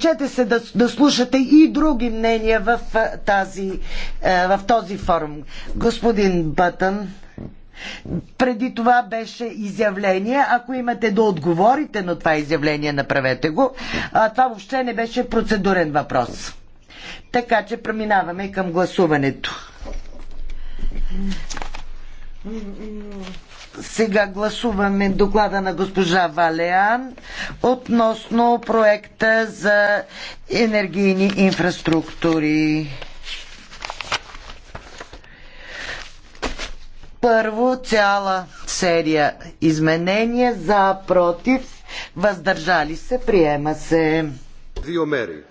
Чете се да, да слушате и други мнения в, тази, в този форум. Господин Бътън, преди това беше изявление. Ако имате да отговорите на това изявление, направете го. А, това въобще не беше процедурен въпрос. Така че преминаваме към гласуването. Сега гласуваме доклада на госпожа Валеан относно проекта за енергийни инфраструктури. Първо цяла серия изменения за, против, въздържали се, приема се. Две мери.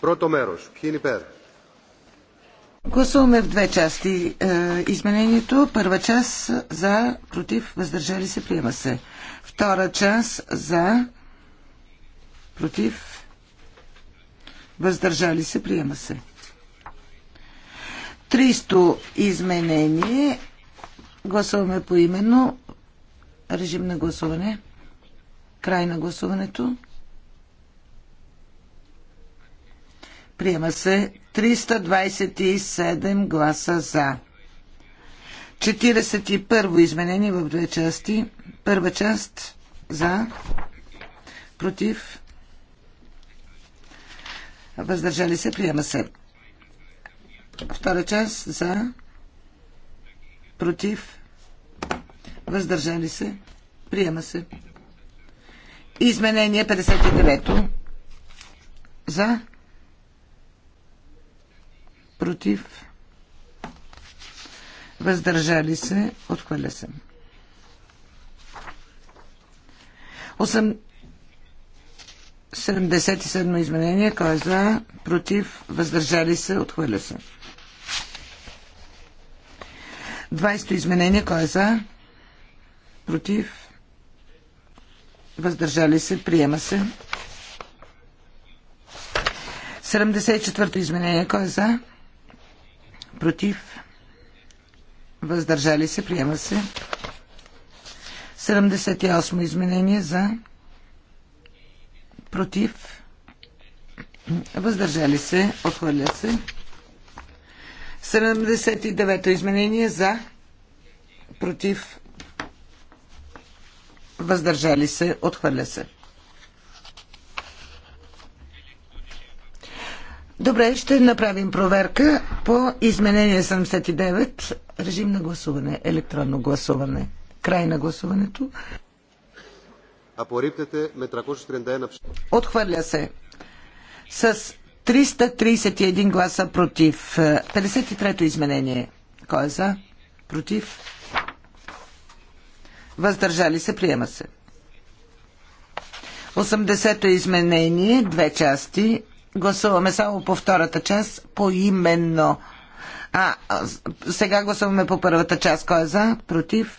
Прото мерош. Ποιοι είναι Гласуваме в две части е, изменението. Първа част за, против, въздържали се, приема се. Втора част за, против, въздържали се, приема се. Тристо изменение. Гласуваме по именно. Режим на гласуване. Край на гласуването. Приема се 327 гласа за. 41 изменение в две части. Първа част за, против, въздържали се, приема се. Втора част за, против, въздържали се, приема се. Изменение 59 за, против, въздържали се, отхвърля се. 77 изменение, кой е за, против, въздържали се, отхвърля се. 20 изменение, кой е за, против, въздържали се, приема се. 74 изменение, кой е за, против, въздържали се, приема се. 78 изменение за, против, въздържали се, отхвърля се. 79 изменение за, против, въздържали се, отхвърля се. Добре, ще направим проверка по изменение 79. Режим на гласуване, електронно гласуване. Край на гласуването. ме Отхвърля се. С 331 гласа против. 53-то изменение. Кой е за? Против? Въздържали се, приема се. 80-то изменение, две части. Гласуваме само по втората част, по именно. А, сега гласуваме по първата част. Кой е за? Против?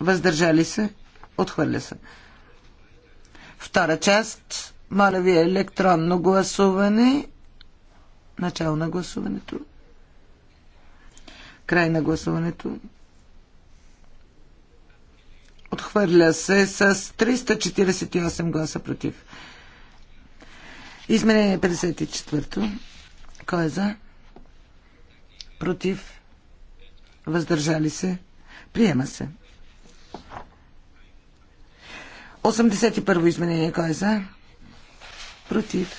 Въздържали се? Отхвърля се. Втора част. Моля ви електронно гласуване. Начало на гласуването. Край на гласуването. Отхвърля се с 348 гласа против. Изменение 54-то. Кой е за? Против? Въздържали се? Приема се. 81-во изменение. Кой е за? Против?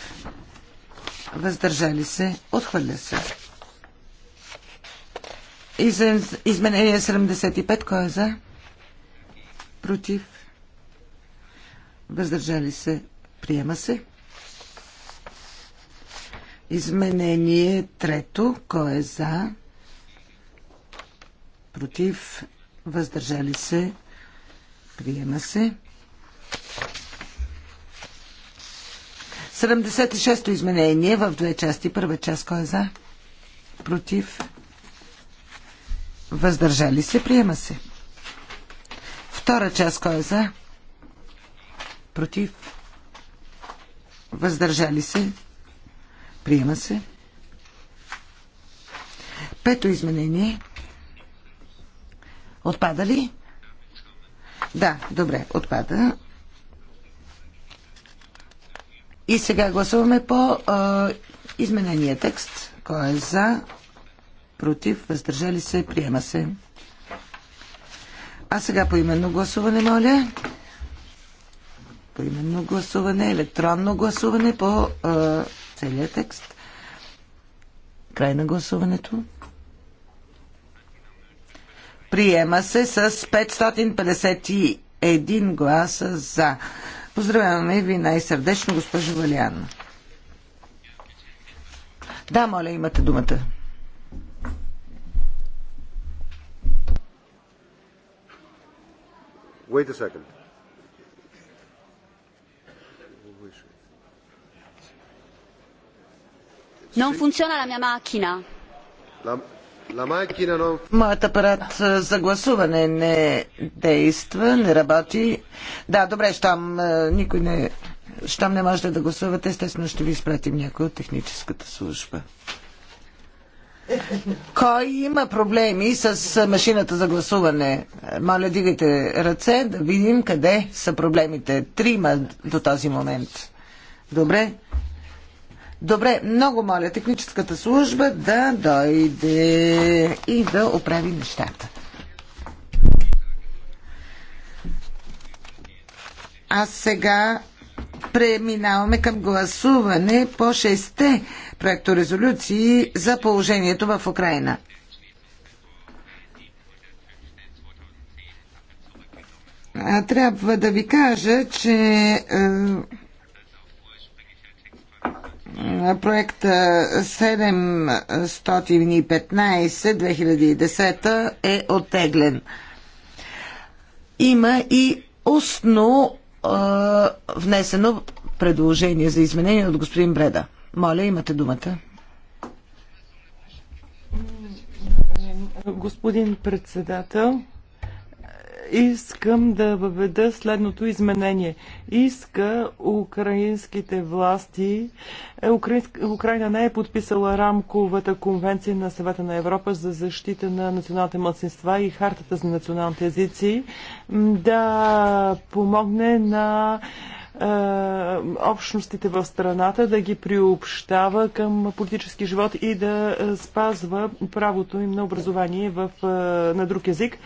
Въздържали се? Отхвърля се. Изменение 75. Кой е за? Против? Въздържали се? Приема се. Изменение трето. Кой е за? Против? Въздържали се? Приема се. 76-то изменение в две части. Първа част кой е за? Против? Въздържали се? Приема се. Втора част кой е за? Против? Въздържали се? Приема се. Пето изменение. Отпада ли? Да, добре, отпада. И сега гласуваме по е, изменения текст. Кой е за? Против? Въздържали се? Приема се. А сега по именно гласуване, моля. По именно гласуване, електронно гласуване по Е, целият текст. Край на гласуването. Приема се с 551 гласа за. Поздравяваме ви най-сърдечно, госпожо Валиана. Да, моля, имате думата. Wait a second. Non funziona la mia macchina. Моят апарат за гласуване не действа, не работи. Да, добре, щом никой не, щом не можете да гласувате, естествено ще ви изпратим някой от техническата служба. Кой има проблеми с машината за гласуване? Моля, дигайте ръце да видим къде са проблемите. Трима до този момент. Добре, Добре, много моля техническата служба да дойде и да оправи нещата. А сега преминаваме към гласуване по шесте проекторезолюции за положението в Украина. Трябва да ви кажа, че е, проекта 715-2010 е оттеглен. Има и устно е, внесено предложение за изменение от господин Бреда. Моля, имате думата. Господин председател, искам да въведа следното изменение. Иска украинските власти. Е, украинск... Украина не е подписала рамковата конвенция на съвета на Европа за защита на националните младсинства и хартата за националните езици да помогне на общностите в страната, да ги приобщава към политически живот и да спазва правото им на образование в, на друг език.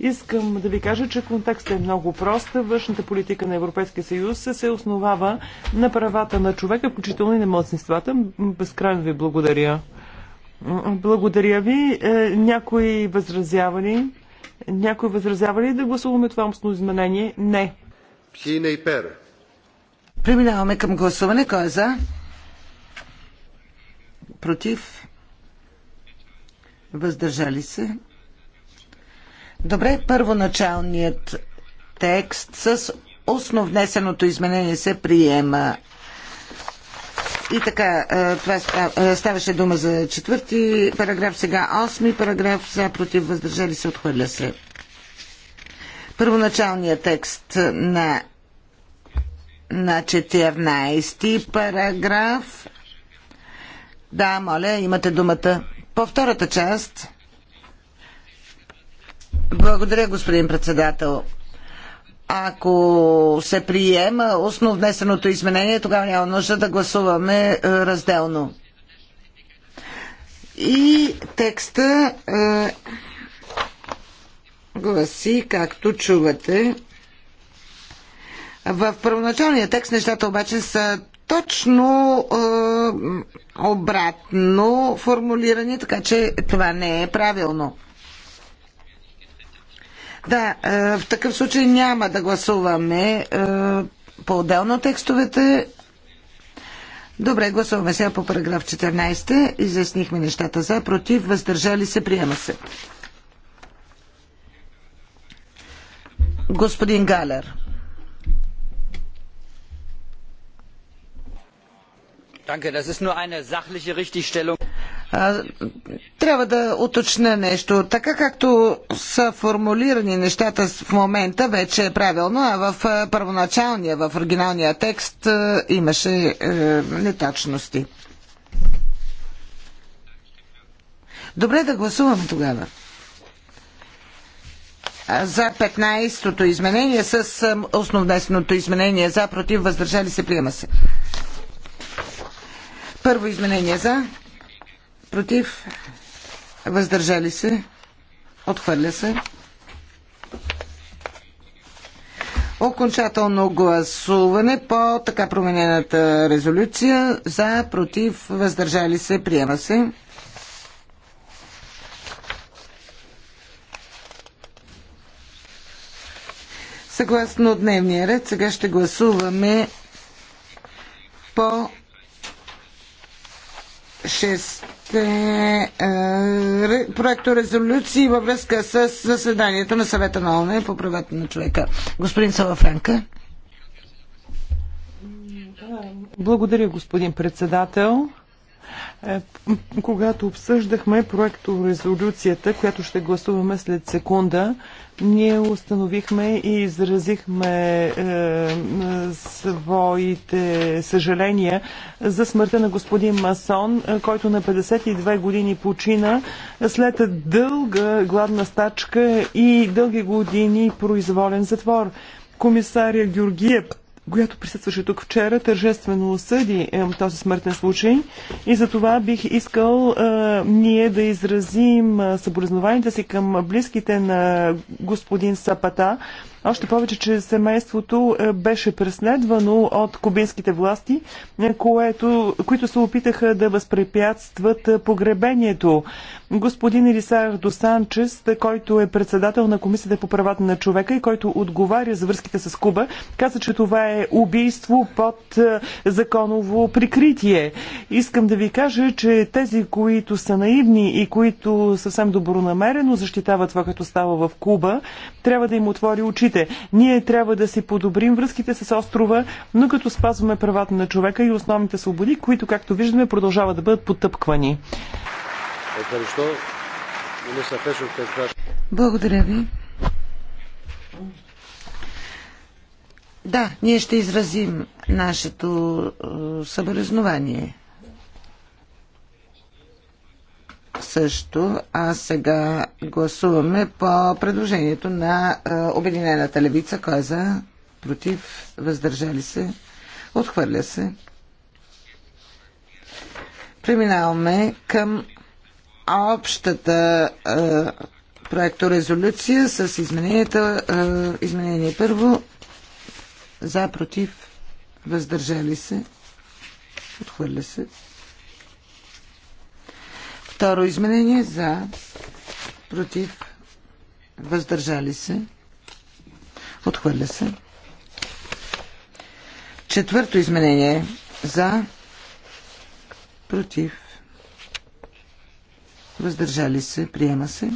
Искам да ви кажа, че контекстът е много прост. Външната политика на Европейския съюз се основава на правата на човека, включително и на младсинствата. Безкрайно ви благодаря. Благодаря ви. Е, някои възразявали? някои възразявали да гласуваме това умствено изменение? Не. не и пера. Преминаваме към гласуване. Кой е за? Против? Въздържали се? Добре, първоначалният текст с основнесеното изменение се приема. И така, е, това е, ставаше дума за четвърти параграф, сега осми параграф, за против въздържали се, отхвърля се. Първоначалният текст на на 14 параграф. Да, моля, имате думата. По втората част. Благодаря, господин председател. Ако се приема основно внесеното изменение, тогава няма нужда да гласуваме е, разделно. И текста е, гласи, както чувате, в първоначалния текст нещата обаче са точно е, обратно формулирани, така че това не е правилно. Да, е, в такъв случай няма да гласуваме е, по-отделно текстовете. Добре, гласуваме сега по параграф 14. Изяснихме нещата за, против, въздържали се, приема се. Господин Галер. Трябва да уточня нещо. Така както са формулирани нещата в момента, вече е правилно, а в първоначалния, в оригиналния текст имаше е, неточности. Добре да гласуваме тогава. За 15-то изменение с основнесеното изменение за против въздържали се приема се. Първо изменение за, против, въздържали се, отхвърля се. Окончателно гласуване по така променената резолюция за, против, въздържали се, приема се. Съгласно дневния ред, сега ще гласуваме по шесте е, проекто резолюции във връзка с заседанието на съвета на ОНЕ по правата на човека. Господин Салафранка. Благодаря, господин председател. Е, когато обсъждахме проекто резолюцията, която ще гласуваме след секунда, ние установихме и изразихме е, своите съжаления за смъртта на господин Масон, е, който на 52 години почина след дълга гладна стачка и дълги години произволен затвор. Комисария Георгиев която присъстваше тук вчера, тържествено осъди е, този смъртен случай и за това бих искал е, ние да изразим е, съболезнованията си към близките на господин Сапата, още повече, че семейството е, беше преследвано от кубинските власти, е, което, които се опитаха да възпрепятстват е, погребението. Господин Елисардо Санчес, който е председател на Комисията по правата на човека и който отговаря за връзките с Куба, каза, че това е убийство под законово прикритие. Искам да ви кажа, че тези, които са наивни и които съвсем добронамерено защитават това, като става в Куба, трябва да им отвори очите връзките. Ние трябва да си подобрим връзките с острова, но като спазваме правата на човека и основните свободи, които, както виждаме, продължават да бъдат потъпквани. Благодаря ви. Да, ние ще изразим нашето е, съболезнование също, а сега гласуваме по предложението на Обединената левица. Кой е за? Против? Въздържали се? Отхвърля се. Преминаваме към общата е, проекторезолюция с измененията. изменение първо. За, против, въздържали се. Отхвърля се. Второ изменение за, против, въздържали се, отхвърля се. Четвърто изменение за, против, въздържали се, приема се.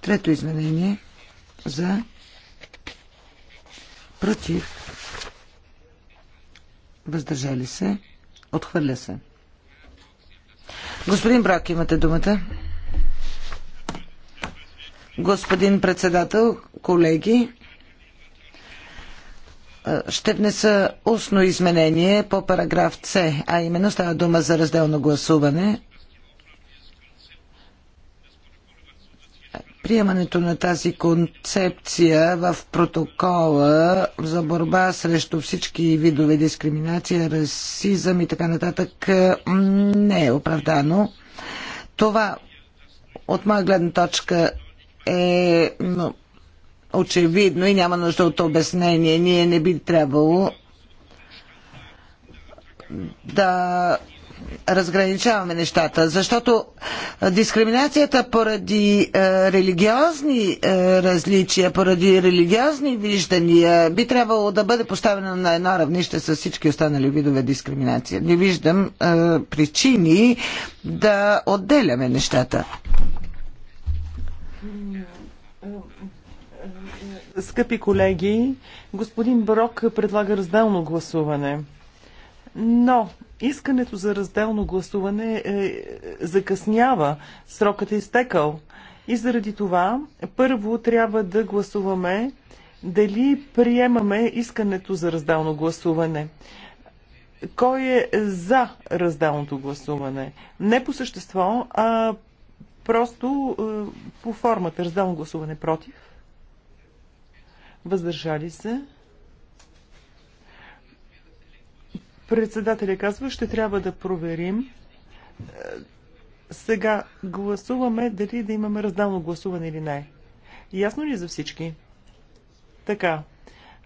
Трето изменение за, против, въздържали се, отхвърля се. Господин Брак, имате думата. Господин председател, колеги, ще внеса устно изменение по параграф С, а именно става дума за разделно гласуване. приемането на тази концепция в протокола за борба срещу всички видове дискриминация, расизъм и така нататък не е оправдано. Това от моя гледна точка е но, очевидно и няма нужда от обяснение. Ние не би трябвало да разграничаваме нещата, защото дискриминацията поради религиозни различия, поради религиозни виждания би трябвало да бъде поставена на едно равнище с всички останали видове дискриминация. Не виждам причини да отделяме нещата. Скъпи колеги, господин Барок предлага разделно гласуване. Но искането за разделно гласуване е, е, закъснява. Срокът е изтекал. И заради това първо трябва да гласуваме дали приемаме искането за разделно гласуване. Кой е за разделното гласуване? Не по същество, а просто е, по формата. Разделно гласуване против. Въздържали се. Председателя казва, ще трябва да проверим. Е, сега гласуваме дали да имаме раздално гласуване или не. Ясно ли за всички? Така.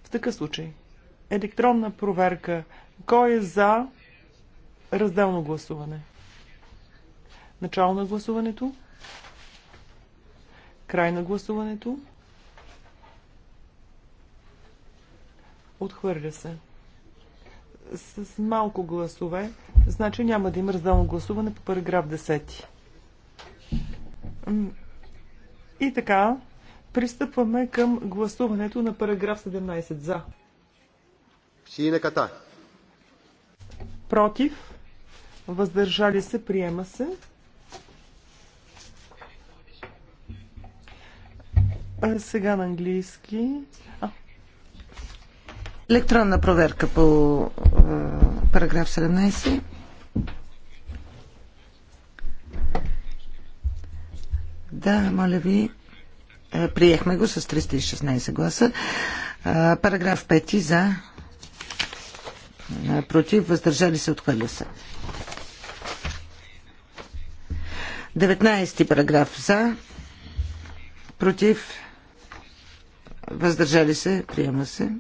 В такъв случай. Електронна проверка. Кой е за разделно гласуване? Начало на гласуването. Край на гласуването. Отхвърля се с малко гласове, значи няма да има разделно гласуване по параграф 10. И така, пристъпваме към гласуването на параграф 17 за. Синеката. Против. Въздържали се. Приема се. А сега на английски. А, Електронна проверка по е, параграф 17. Да, моля ви. Е, приехме го с 316 гласа. Е, параграф 5 за. Против. Въздържали се. Отхвърля се. 19 параграф за. Против. Въздържали се. Приема се.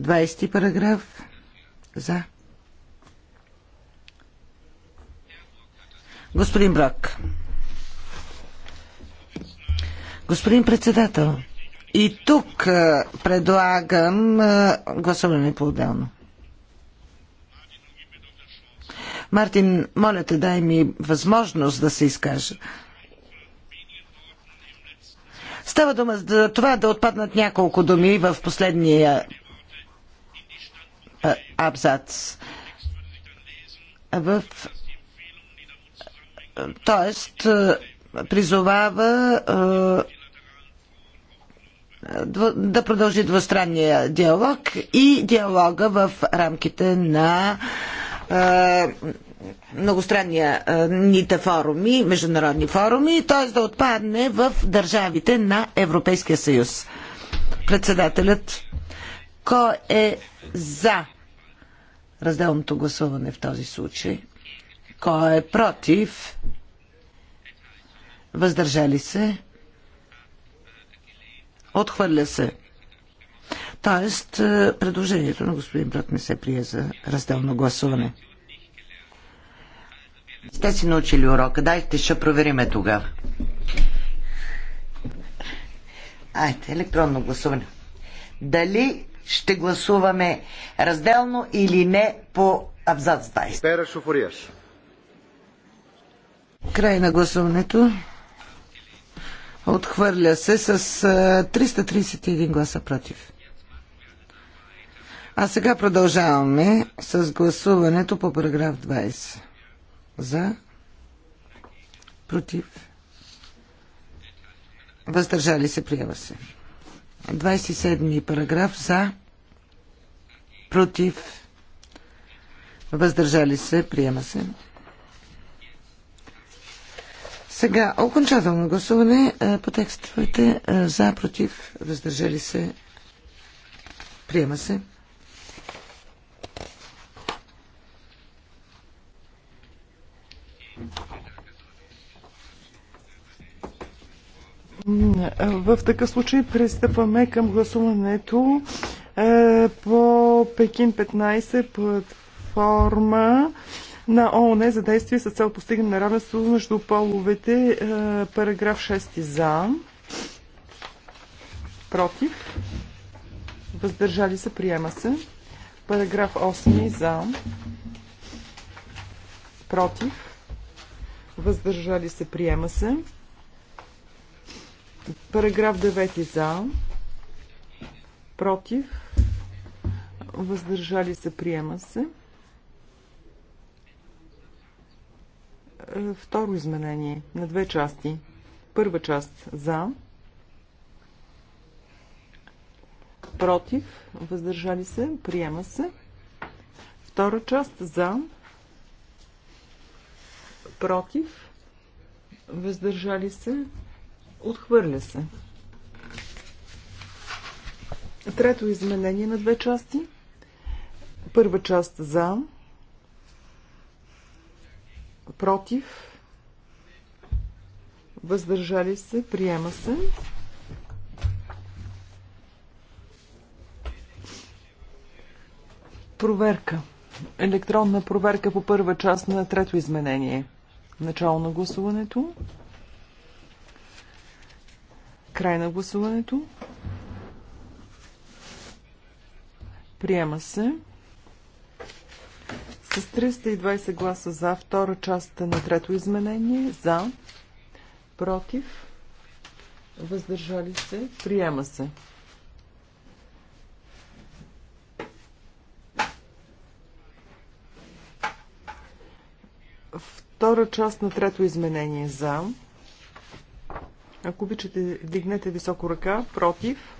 20 параграф за. Господин Брак. Господин председател, и тук предлагам гласуване по-отделно. Мартин, моля те, дай ми възможност да се изкажа. Става дума за това да отпаднат няколко думи в последния абзац. В... Тоест, призовава да продължи двустранния диалог и диалога в рамките на многостранния ните форуми, международни форуми, т.е. да отпадне в държавите на Европейския съюз. Председателят, кой е за разделното гласуване в този случай. Кой е против? Въздържали се? Отхвърля се. Тоест, е, предложението на господин Брат не се прие за разделно гласуване. Сте си научили урока. Дайте, ще провериме тогава. Айде, електронно гласуване. Дали ще гласуваме разделно или не по абзац 20. Край на гласуването. Отхвърля се с 331 гласа против. А сега продължаваме с гласуването по параграф 20. За. Против. Въздържали се. Приема се. 27 параграф за, против, въздържали се, приема се. Сега окончателно гласуване е, по текстовете е, за, против, въздържали се, приема се. Thank you. В такъв случай пристъпваме към гласуването е, по Пекин 15 платформа на ООН за действие с цел постигане на равенство между половете. Е, параграф 6 за. Против. Въздържали се. Приема се. Параграф 8 за. Против. Въздържали се. Приема се. Параграф 9 за. Против. Въздържали се. Приема се. Е, второ изменение на две части. Първа част за. Против. Въздържали се. Приема се. Втора част за. Против. Въздържали се. Отхвърля се. Трето изменение на две части. Първа част за, против, въздържали се, приема се. Проверка. Електронна проверка по първа част на трето изменение. Начало на гласуването. Край на гласуването. Приема се. С 320 гласа за втора част на трето изменение. За. Против. Въздържали се. Приема се. Втора част на трето изменение. За. Ако обичате, дигнете високо ръка. Против.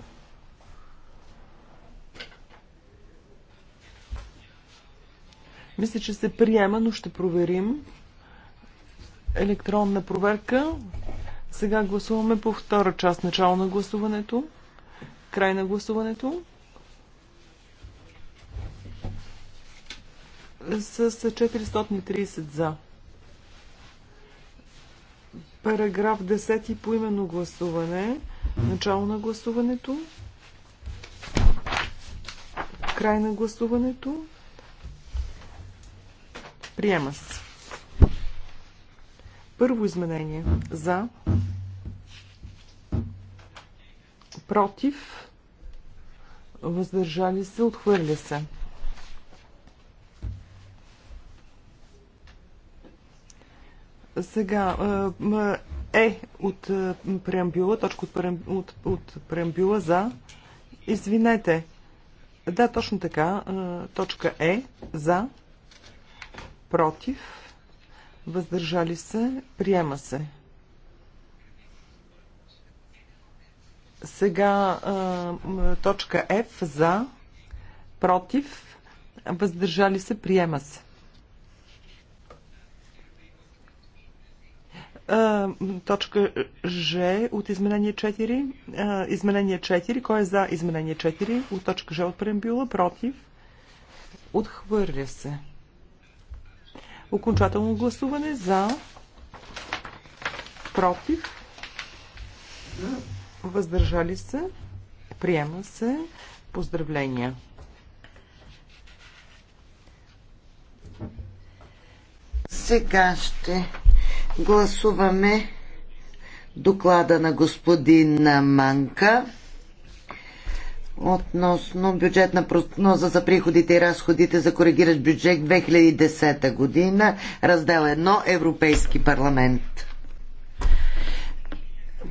Мисля, че се приема, но ще проверим. Електронна проверка. Сега гласуваме по втора част. Начало на гласуването. Край на гласуването. С 430 за. Параграф 10 по именно гласуване. Начало на гласуването. Край на гласуването. Приема се. Първо изменение. За. Против. Въздържали се. Отхвърля се. Сега, е, е от е, преамбюла, точка от, от, от преамбюла за. Извинете. Да, точно така. Е, точка е за. Против. Въздържали се. Приема се. Сега точка F за. Против. Въздържали се. Приема се. точка Ж от изменение 4. Изменение 4. Кой е за изменение 4? От точка Ж от преамбюла. Против. Отхвърля се. Окончателно гласуване за. Против. Въздържали се. Приема се. Поздравления. Сега ще Гласуваме доклада на господин Манка относно бюджетна прогноза за приходите и разходите за коригиращ бюджет 2010 година, раздел 1 Европейски парламент.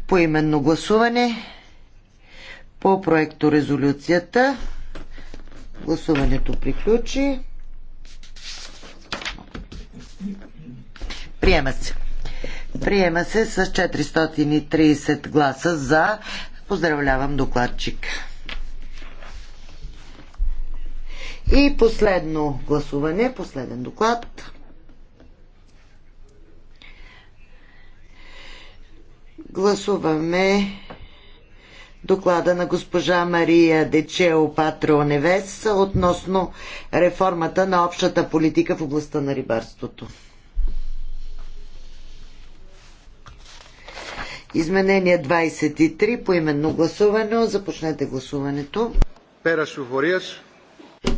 Поименно гласуване по проекто резолюцията. Гласуването приключи. Приема се. Приема се с 430 гласа за. Поздравлявам докладчик. И последно гласуване, последен доклад. Гласуваме доклада на госпожа Мария Дечео Патро Невес относно реформата на общата политика в областта на рибарството. Изменение 23 по именно гласуване. Започнете гласуването. Пера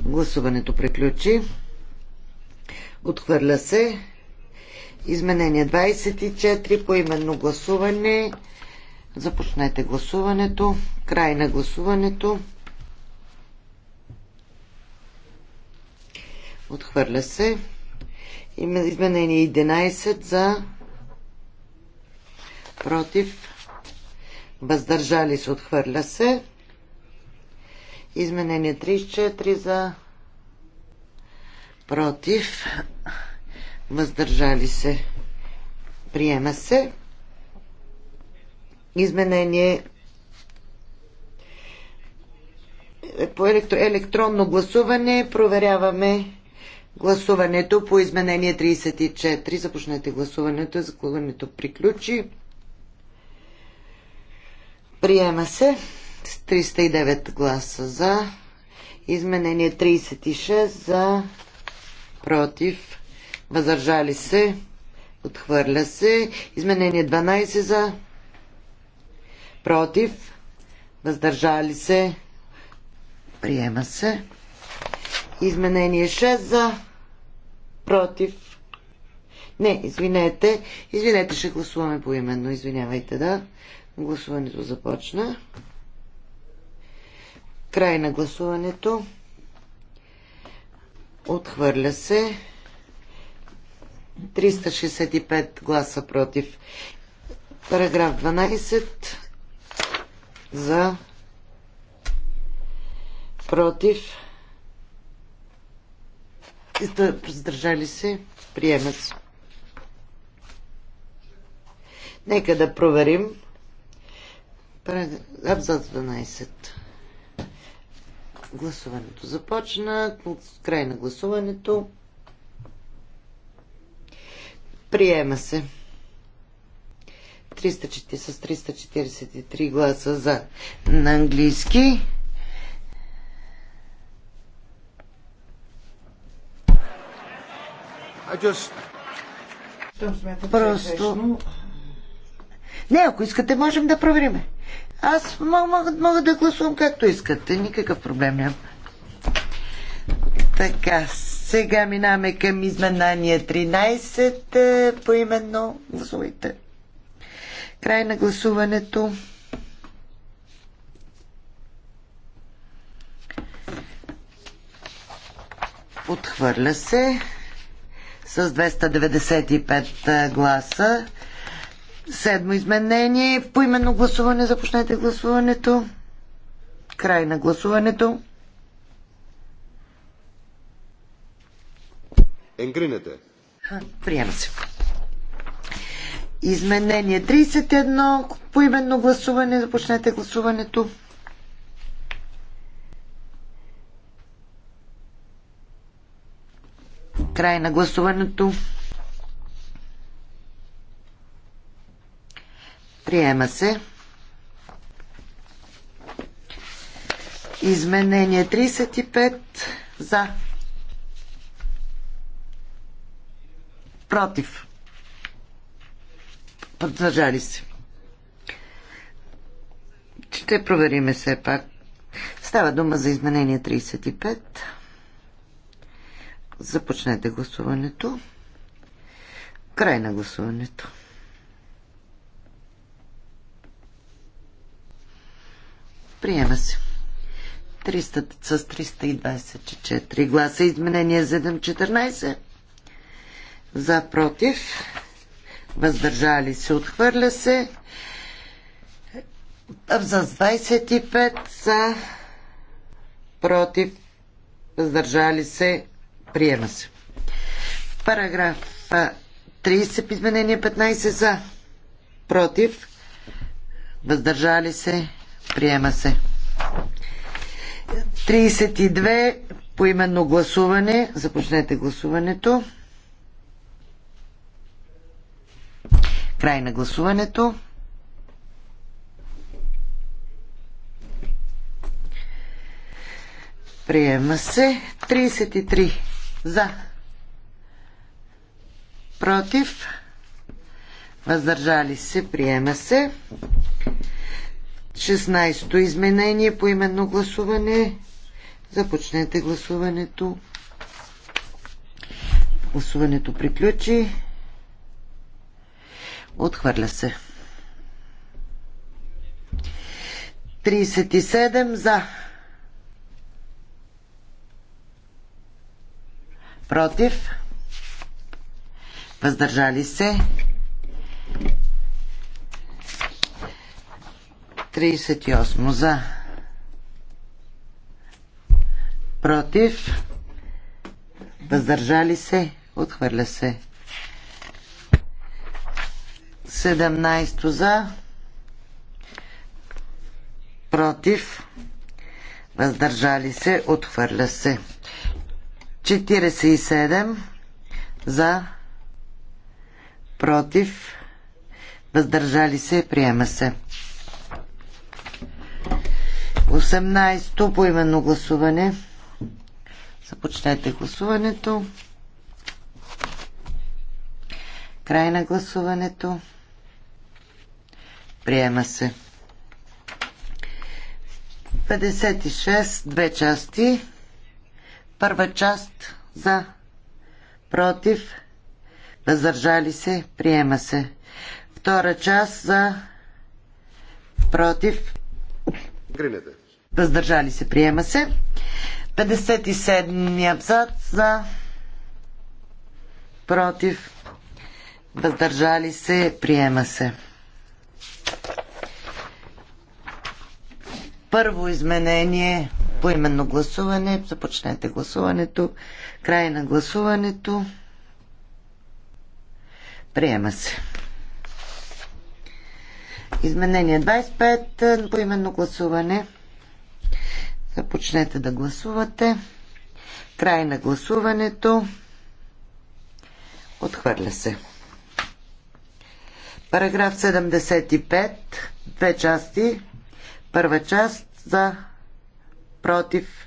Гласуването приключи. Отхвърля се. Изменение 24 по именно гласуване. Започнете гласуването. Край на гласуването. Отхвърля се. Изменение 11 за против, въздържали се, отхвърля се. Изменение 34 за против, въздържали се, приема се. Изменение по електро, електронно гласуване проверяваме гласуването по изменение 34. Започнете гласуването. Заклуването приключи. Приема се с 309 гласа за. Изменение 36 за. Против. Въздържали се. Отхвърля се. Изменение 12 за. Против. Въздържали се. Приема се. Изменение 6 за. Против. Не, извинете. Извинете, ще гласуваме по именно. Извинявайте, да. Гласуването започна. Край на гласуването. Отхвърля се. 365 гласа против. Параграф 12 за против. Сдържали се. Приема се. Нека да проверим. Абзац 12. Гласуването започна. Край на гласуването. Приема се. 300 с 343 гласа за на английски. Е Просто... Не, ако искате, можем да провериме. Аз мога, мога да гласувам както искате. Никакъв проблем няма. Така, сега минаваме към изменания 13. Е, поименно гласувайте. Край на гласуването. Отхвърля се с 295 е, гласа. Седмо изменение. в поименно гласуване. Започнете гласуването. Край на гласуването. Енгринете. Приема се. Изменение 31. Поименно гласуване. Започнете гласуването. Край на гласуването. Приема се. Изменение 35 за. Против. Поддържали се. Ще провериме все пак. Става дума за изменение 35. Започнете гласуването. Край на гласуването. Приема се. 300, с 324 гласа. Изменение 7.14. За против. Въздържали се. Отхвърля се. За 25 са против. Въздържали се. Приема се. Параграф 30. Изменение 15 за против. Въздържали се. Приема се. 32 по именно гласуване. Започнете гласуването. Край на гласуването. Приема се. 33 за. Против. Въздържали се. Приема се. 16-то изменение по именно гласуване. Започнете гласуването. Гласуването приключи. Отхвърля се. 37 за. Против. Въздържали се. 38 за. Против. Въздържали се. Отхвърля се. 17 за. Против. Въздържали се. Отхвърля се. 47 за. Против. Въздържали се. Приема се. 18-то по именно гласуване. Започнете гласуването. Край на гласуването. Приема се. 56, две части. Първа част за, против, въздържали се, приема се. Втора част за, против, Въздържали се. Приема се. 57 абзац за против. Въздържали се. Приема се. Първо изменение по именно гласуване. Започнете гласуването. Край на гласуването. Приема се. Изменение 25 по именно гласуване. Започнете да гласувате. Край на гласуването. Отхвърля се. Параграф 75. Две части. Първа част за против.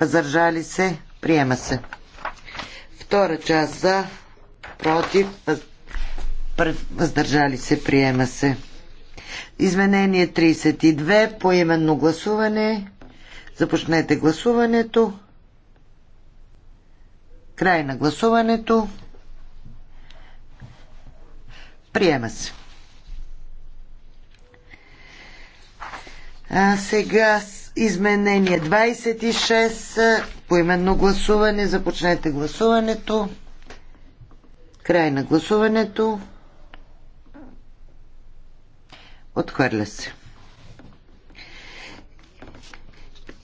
Въздържали се. Приема се. Втора част за против. Въздържали въздържали се, приема се. Изменение 32, по именно гласуване. Започнете гласуването. Край на гласуването. Приема се. А сега изменение 26, По именно гласуване. Започнете гласуването. Край на гласуването. Отхвърля се.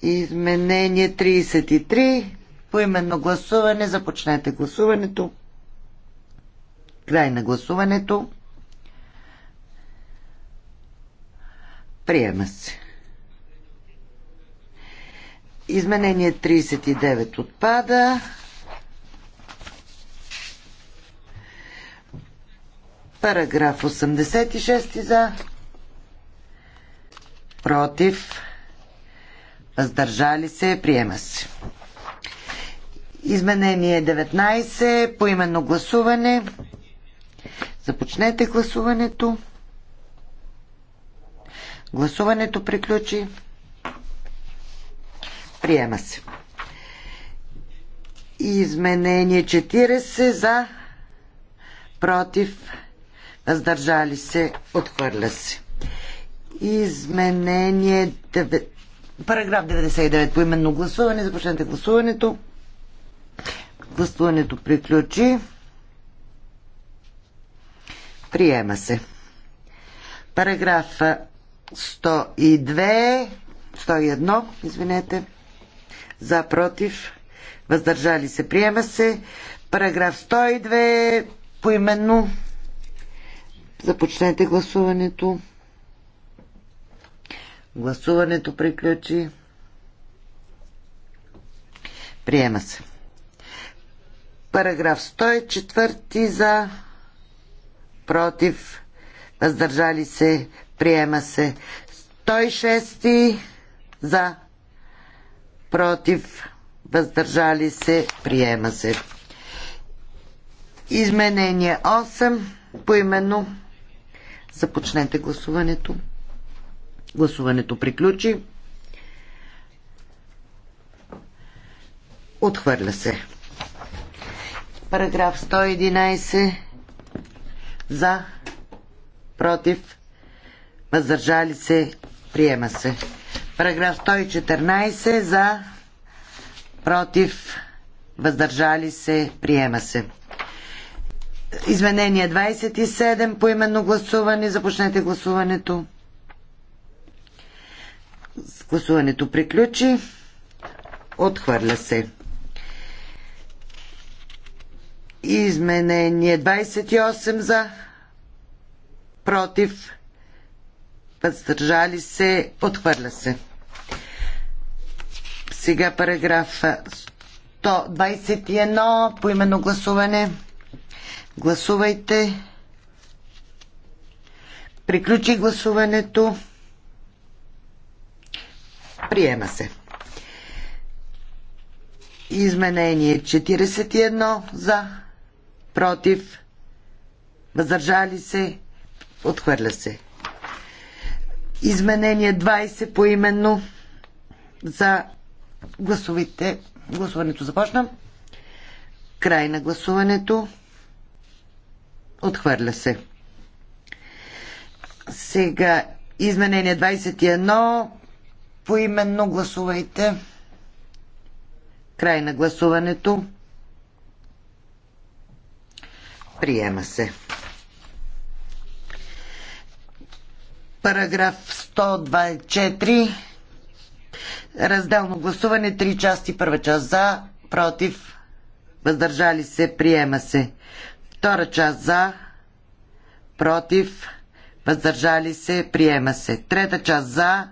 Изменение 33. Поименно гласуване. Започнете гласуването. Край на гласуването. Приема се. Изменение 39 отпада. Параграф 86 за против, въздържали се, приема се. Изменение 19, поименно гласуване. Започнете гласуването. Гласуването приключи. Приема се. Изменение 40 за против въздържали се, отхвърля се. Изменение Параграф 99 по именно гласуване. Започнете гласуването. Гласуването приключи. Приема се. Параграф 102, 101, извинете, за, против, въздържали се, приема се. Параграф 102, по именно. започнете гласуването. Гласуването приключи. Приема се. Параграф 104 за против въздържали се. Приема се. 106 за против въздържали се. Приема се. Изменение 8 по именно, Започнете гласуването. Гласуването приключи. Отхвърля се. Параграф 111. За. Против. Въздържали се. Приема се. Параграф 114. За. Против. Въздържали се. Приема се. Изменение 27. По именно гласуване. Започнете гласуването. Гласуването приключи. Отхвърля се. Изменение 28 за против въздържали се, отхвърля се. Сега параграф 121 по именно гласуване. Гласувайте. Приключи гласуването. Приема се. Изменение 41 за, против, въздържали се, отхвърля се. Изменение 20 по именно за гласовите. Гласуването започна. Край на гласуването. Отхвърля се. Сега изменение 21 Поименно гласувайте. Край на гласуването. Приема се. Параграф 124. Разделно гласуване. Три части. Първа част за, против, въздържали се, приема се. Втора част за, против, въздържали се, приема се. Трета част за,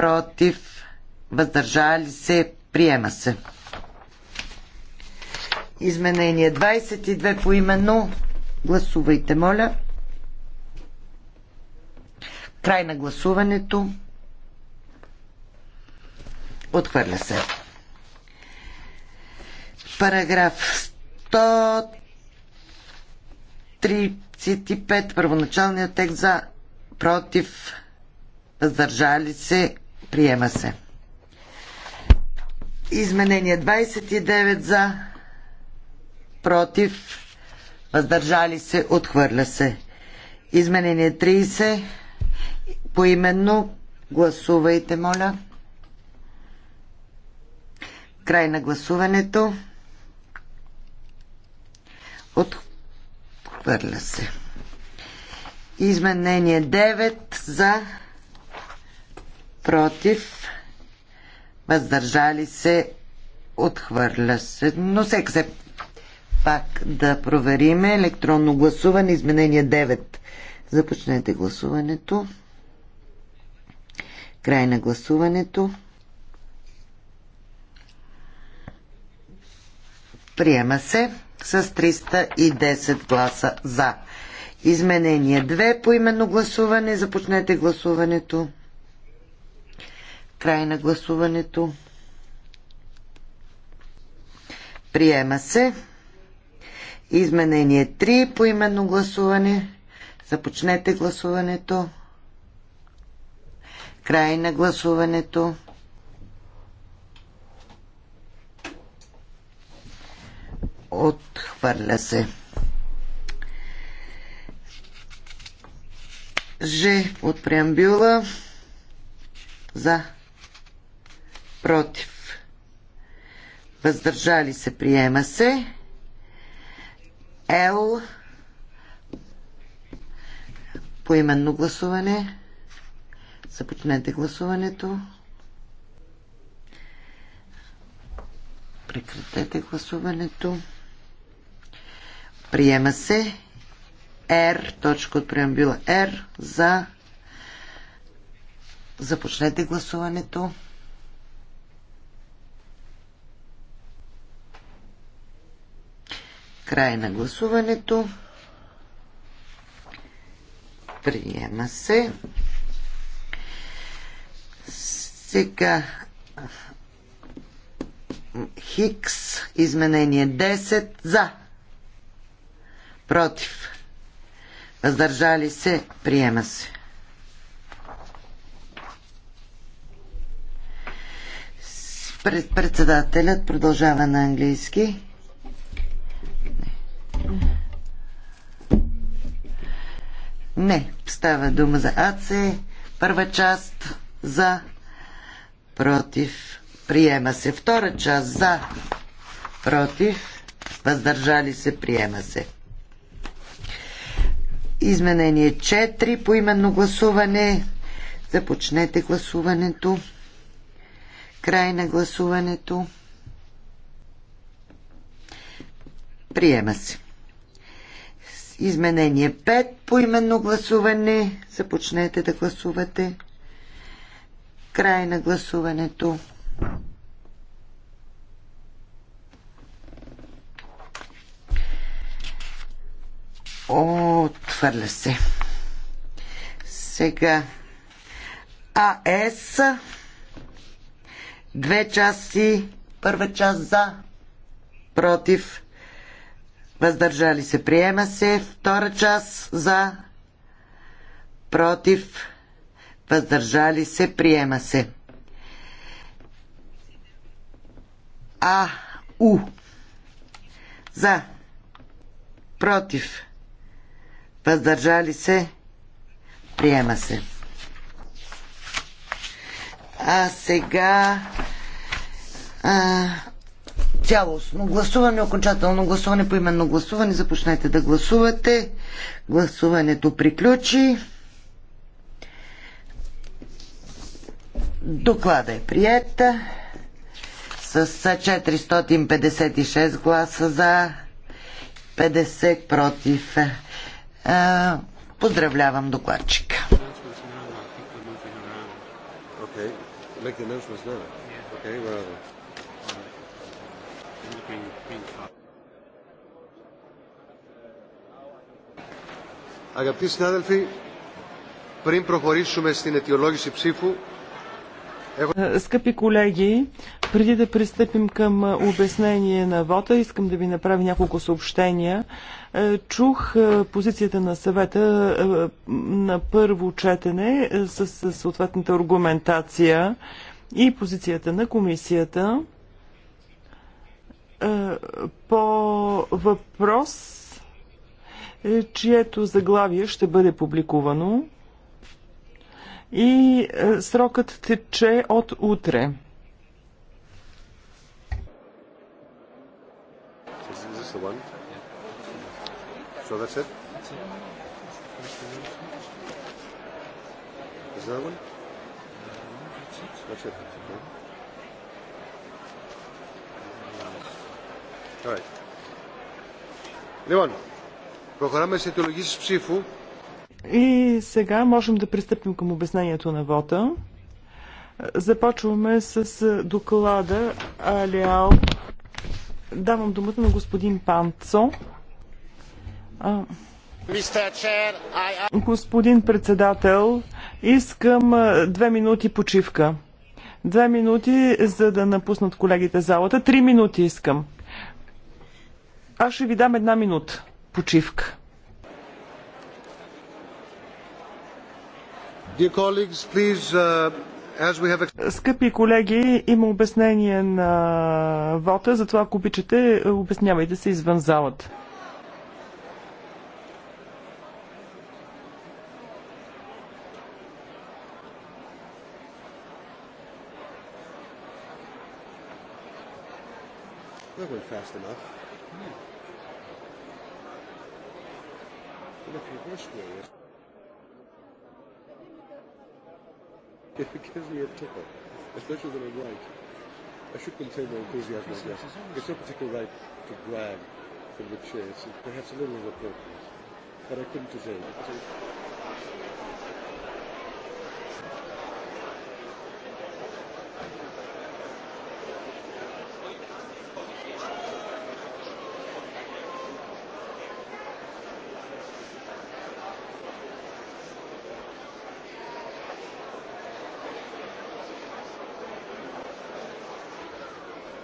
против, въздържали се, приема се. Изменение 22 по именно. Гласувайте, моля. Край на гласуването. Отхвърля се. Параграф 135. Първоначалният текст за против. Въздържали се. Приема се. Изменение 29 за. Против. Въздържали се. Отхвърля се. Изменение 30. Поименно. Гласувайте, моля. Край на гласуването. Отхвърля се. Изменение 9 за против, въздържали се, отхвърля се. Но сега се пак да проверим електронно гласуване, изменение 9. Започнете гласуването. Край на гласуването. Приема се с 310 гласа за. Изменение 2 по именно гласуване. Започнете гласуването. Край на гласуването. Приема се. Изменение 3 по именно гласуване. Започнете гласуването. Край на гласуването. Отхвърля се. Ж от преамбюла за против, въздържали се, приема се. Л поименно гласуване. Започнете гласуването. Прекратете гласуването. Приема се Р, точка от преамбюла Р за започнете гласуването. Край на гласуването. Приема се. Сега Хикс, изменение 10 за. Против. Въздържали се, приема се. председателят продължава на английски. Не, става дума за АЦ. Първа част за против. Приема се. Втора част за против. Въздържали се. Приема се. Изменение 4 по именно гласуване. Започнете гласуването. Край на гласуването. Приема се. Изменение 5 по именно гласуване. Започнете да гласувате. Край на гласуването. Отвърля се. Сега. АС. Две части. Първа част за. Против въздържали се, приема се. Втора част за, против, въздържали се, приема се. А, У. За, против, въздържали се, приема се. А сега а, цялостно гласуване, окончателно гласуване, по именно гласуване. Започнете да гласувате. Гласуването приключи. Доклада е приета с 456 гласа за 50 против. Поздравлявам докладчика. Okay. Make the announcements now. Okay, where are they? Αγαπητοί συνάδελφοι, πριν προχωρήσουμε στην αιτιολόγηση ψήφου, е, Скъпи колеги, преди да пристъпим към е, обяснение на вота, искам да ви направя няколко съобщения. Е, чух позицията на съвета на първо четене с съответната аргументация и позицията на комисията. Е, по въпрос, е, чието заглавие ще бъде публикувано и е, срокът тече от утре. So that's it? That's it. That's it. Right. Λοιπόν, προχωράμε σε ψήφου. И сега можем да пристъпим към обяснението на вота. Започваме с доклада Алиал. Давам думата на господин Панцо. Господин председател, искам две минути почивка. Две минути, за да напуснат колегите залата. Три минути искам. Аз ще ви дам една минута почивка. Uh, Скъпи колеги, има обяснение на вота, затова ако обичате, обяснявайте се извън залата. fast enough. look It gives me a tickle, especially when I'm right. I should contain my enthusiasm, I guess. It's not particularly right to brag from the chair. It's perhaps a little inappropriate. But I couldn't today.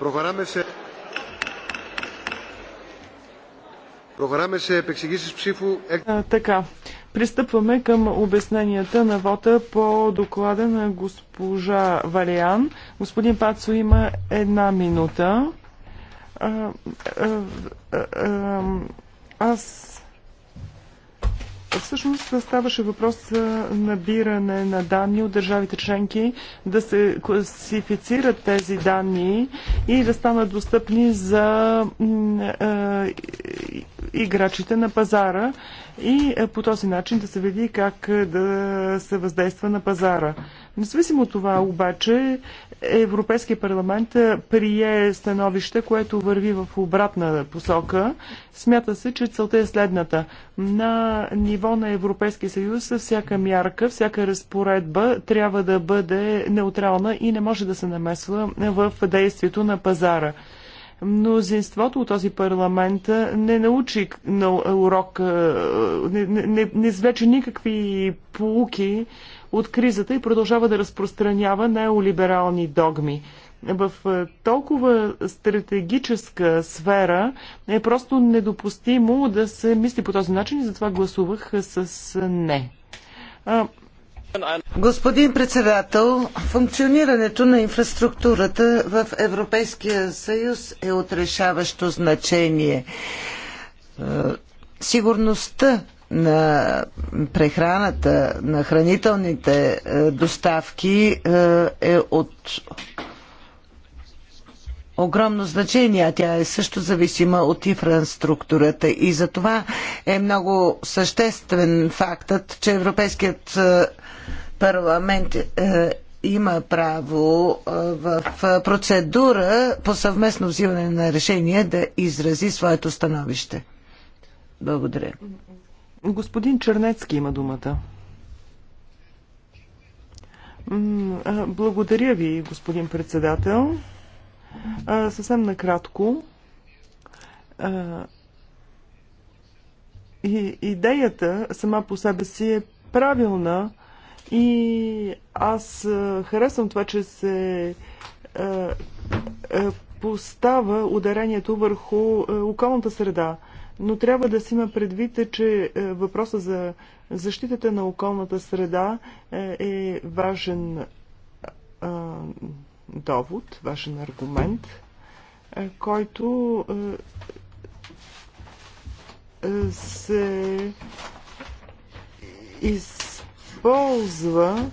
Προχωράμε σε... Προχωράμε σε επεξηγήσεις ψήφου... Е, така, пристъпваме към обясненията на вота по доклада на госпожа Валиан. Господин Пацо има една минута. А, а, аз Всъщност ставаше въпрос за набиране на данни от държавите членки, да се класифицират тези данни и да станат достъпни за е, играчите на пазара и е, по този начин да се види как е, да се въздейства на пазара. Независимо от това обаче, Европейския парламент прие становище, което върви в обратна посока. Смята се, че целта е следната. На ниво на Европейския съюз всяка мярка, всяка разпоредба трябва да бъде неутрална и не може да се намесва в действието на пазара мнозинството от този парламент не научи на урок, не, не, не извлече никакви полуки от кризата и продължава да разпространява неолиберални догми. В е, толкова стратегическа сфера е просто недопустимо да се мисли по този начин и затова гласувах с не. Господин председател, функционирането на инфраструктурата в Европейския съюз е от решаващо значение. Е, сигурността на прехраната, на хранителните е, доставки е, е от огромно значение, а тя е също зависима от инфраструктурата и за това е много съществен фактът, че Европейският е, парламент има право в процедура по съвместно взимане на решение да изрази своето становище. Благодаря. Господин Чернецки има думата. Благодаря ви, господин председател. Съвсем накратко. идеята сама по себе си е правилна и аз харесвам това, че се поставя ударението върху околната среда но трябва да си има предвид, че е, въпроса за защитата на околната среда е, е важен довод, важен аргумент, е, който се използва,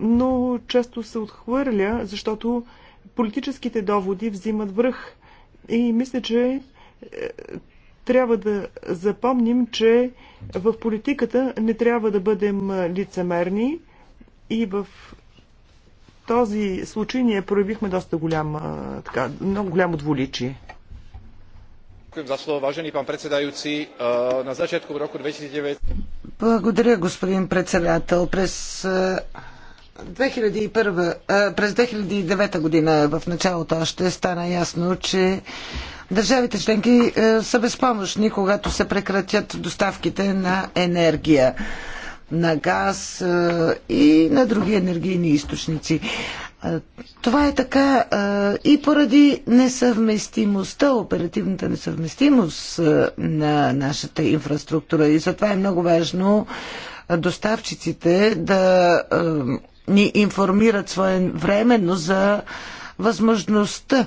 но често се отхвърля, защото политическите доводи взимат връх и мисля, че е, трябва да запомним, че в политиката не трябва да бъдем е, лицемерни и в този случай ние проявихме доста голяма, е, така, много голямо дволичие. Благодаря, господин председател. През 2001, през 2009 година в началото още стана ясно, че държавите членки са безпомощни, когато се прекратят доставките на енергия, на газ и на други енергийни източници. Това е така и поради несъвместимостта, оперативната несъвместимост на нашата инфраструктура. И затова е много важно доставчиците да ни информират своевременно за възможността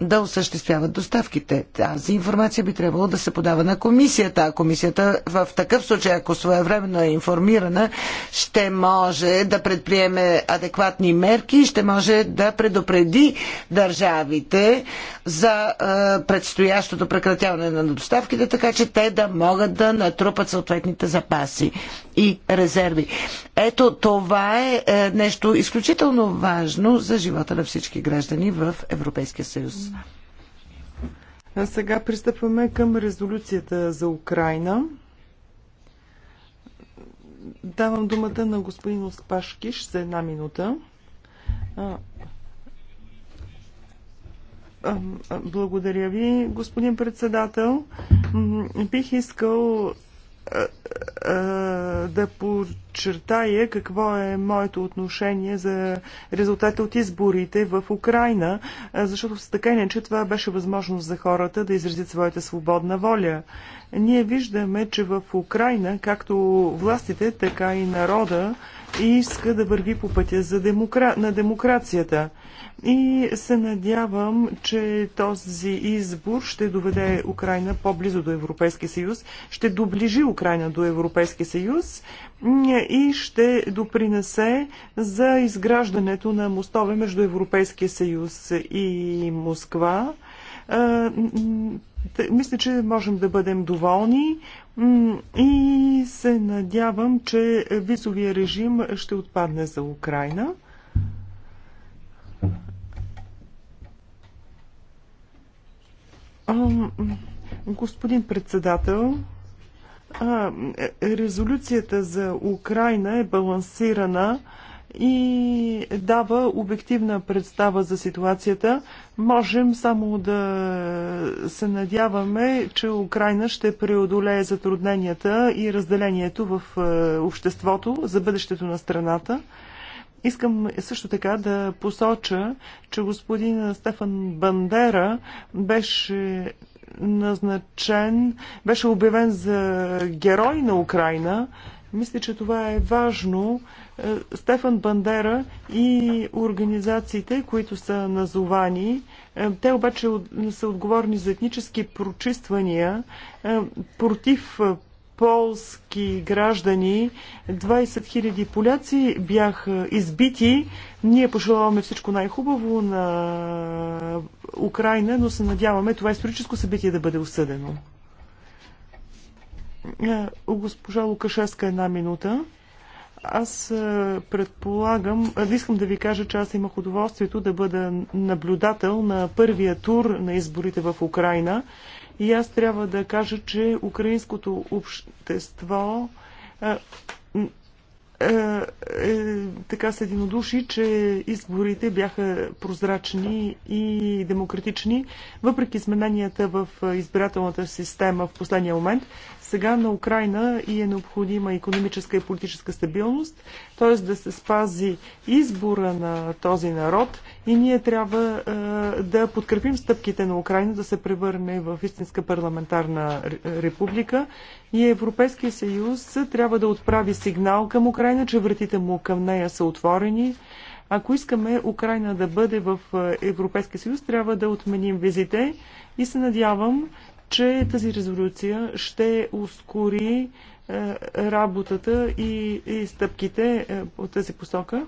да осъществяват доставките. Тази информация би трябвало да се подава на комисията, а комисията в такъв случай, ако своевременно е информирана, ще може да предприеме адекватни мерки и ще може да предупреди държавите за предстоящото прекратяване на доставките, така че те да могат да натрупат съответните запаси и резерви. Ето това е, е нещо изключително важно за живота на всички граждани в Европейския съюз. А сега пристъпваме към резолюцията за Украина. Давам думата на господин Оспашкиш за една минута. Благодаря ви, господин председател. Бих искал да подчертая какво е моето отношение за резултата от изборите в Украина, защото така иначе това беше възможност за хората да изразят своята свободна воля. Ние виждаме, че в Украина, както властите, така и народа, иска да върви по пътя за демокра... на демокрацията и се надявам, че този избор ще доведе Украина по-близо до Европейския съюз, ще доближи Украина до Европейския съюз и ще допринесе за изграждането на мостове между Европейския съюз и Москва. Мисля, че можем да бъдем доволни и се надявам, че визовия режим ще отпадне за Украина. Господин председател, е, резолюцията за Украина е балансирана и дава обективна представа за ситуацията. Можем само да се надяваме, че Украина ще преодолее затрудненията и разделението в е, обществото за бъдещето на страната. Искам също така да посоча, че господин Стефан Бандера беше назначен, беше обявен за герой на Украина. Мисля, че това е важно. Е, Стефан Бандера и организациите, които са назовани, е, те обаче са отговорни за етнически прочиствания е, против полски граждани, 20 000 поляци бяха избити. Ние пожелаваме всичко най-хубаво на Украина, но се надяваме това историческо събитие да бъде осъдено. Е, госпожа Лукашевска, една минута. Аз е, предполагам, е, искам да ви кажа, че аз имах удоволствието да бъда наблюдател на първия тур на изборите в Украина. И аз трябва да кажа, че украинското общество е, е, така с единодуши, че изборите бяха прозрачни и демократични, въпреки измененията в избирателната система в последния момент. Сега на Украина и е необходима економическа и политическа стабилност, т.е. да се спази избора на този народ и ние трябва е, да подкрепим стъпките на Украина да се превърне в истинска парламентарна република и Европейския съюз трябва да отправи сигнал към Украина, че вратите му към нея са отворени. Ако искаме Украина да бъде в е, Европейския съюз, трябва да отменим визите и се надявам, че тази резолюция ще ускори е, работата и, и стъпките е, от тази посока.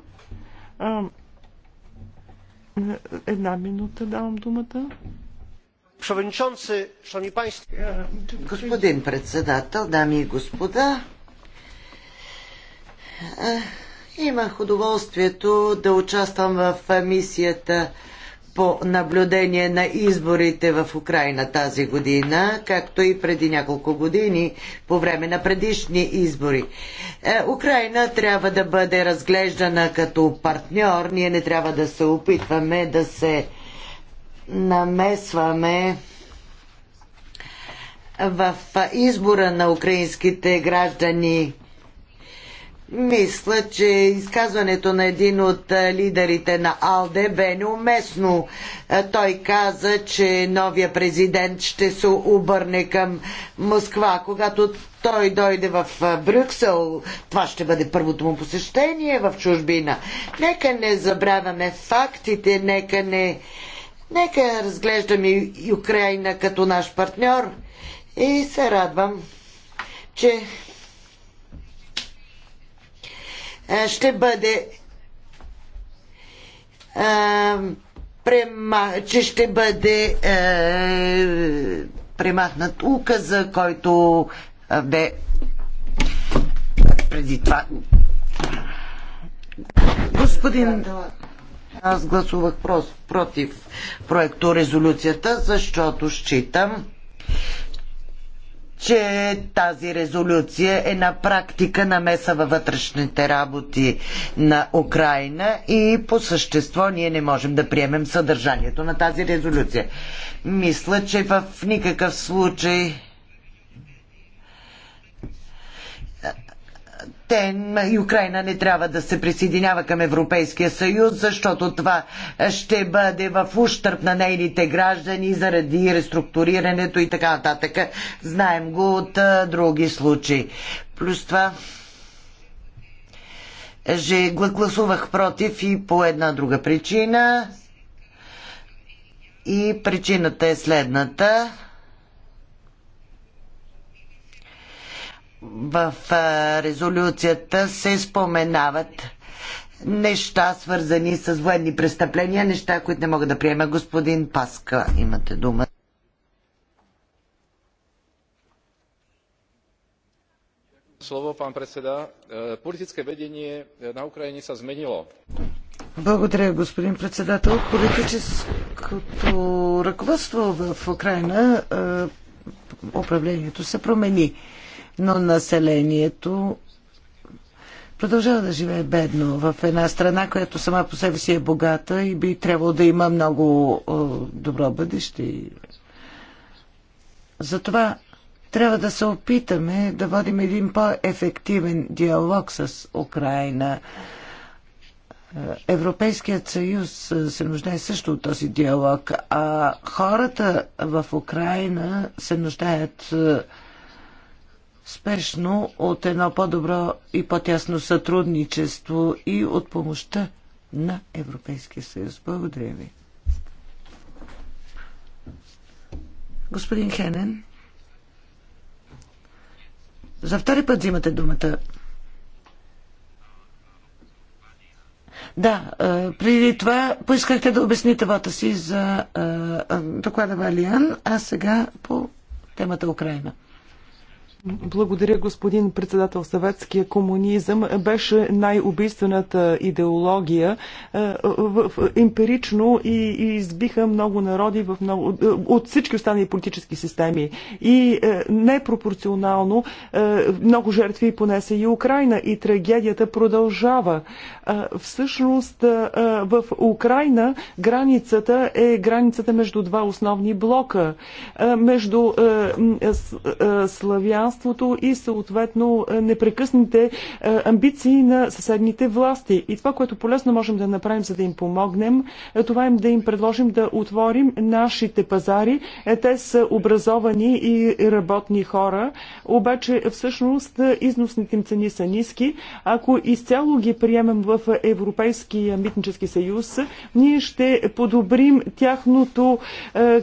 Една минута давам думата. Е, Господин председател, дами и господа, имах удоволствието да участвам в мисията по наблюдение на изборите в Украина тази година, както и преди няколко години по време на предишни избори. Е, Украина трябва да бъде разглеждана като партньор. Ние не трябва да се опитваме да се намесваме в избора на украинските граждани мисля, че изказването на един от лидерите на АЛДЕ бе неуместно. Той каза, че новия президент ще се обърне към Москва. Когато той дойде в Брюксел, това ще бъде първото му посещение в чужбина. Нека не забравяме фактите, нека не... Нека разглеждаме Украина като наш партньор и се радвам, че е, ще бъде е, према, че ще бъде е, премахнат указа, който е, бе преди това. Господин, аз гласувах против проекто резолюцията, защото считам, че тази резолюция е на практика намеса във вътрешните работи на Украина и по същество ние не можем да приемем съдържанието на тази резолюция. Мисля, че в никакъв случай те и Украина не трябва да се присъединява към Европейския съюз, защото това ще бъде в ущърп на нейните граждани заради реструктурирането и така нататък. Знаем го от а, други случаи. Плюс това же гласувах против и по една друга причина. И причината е следната. в резолюцията се споменават неща, свързани с военни престъпления, неща, които не мога да приема. Господин Паска, имате дума. Слово пан председа. Е, Политическо ведение е, на Украина се сменило. Благодаря, господин председател. Политическото ръководство в Украина, е, управлението се промени но населението продължава да живее бедно в една страна, която сама по себе си е богата и би трябвало да има много добро бъдеще. Затова трябва да се опитаме да водим един по-ефективен диалог с Украина. Европейският съюз се нуждае също от този диалог, а хората в Украина се нуждаят спешно от едно по-добро и по-тясно сътрудничество и от помощта на Европейския съюз. Благодаря ви. Господин Хенен, за втори път взимате думата. Да, преди това поискахте да обясните вата си за доклада Валиан, а сега по темата Украина. Благодаря, господин председател. Съветския комунизъм беше най-убийствената идеология. Е, емпирично и, избиха много народи в много, е, от всички останали политически системи. И е, непропорционално много жертви понесе и Украина. И трагедията продължава. Всъщност в Украина границата е границата между два основни блока. Между славян пространството и съответно е, непрекъсните е, амбиции на съседните власти. И това, което полезно можем да направим, за да им помогнем, е, това е да им предложим да отворим нашите пазари. Те са образовани и работни хора, обаче всъщност износните им цени са ниски. Ако изцяло ги приемем в Европейския митнически съюз, ние ще подобрим тяхното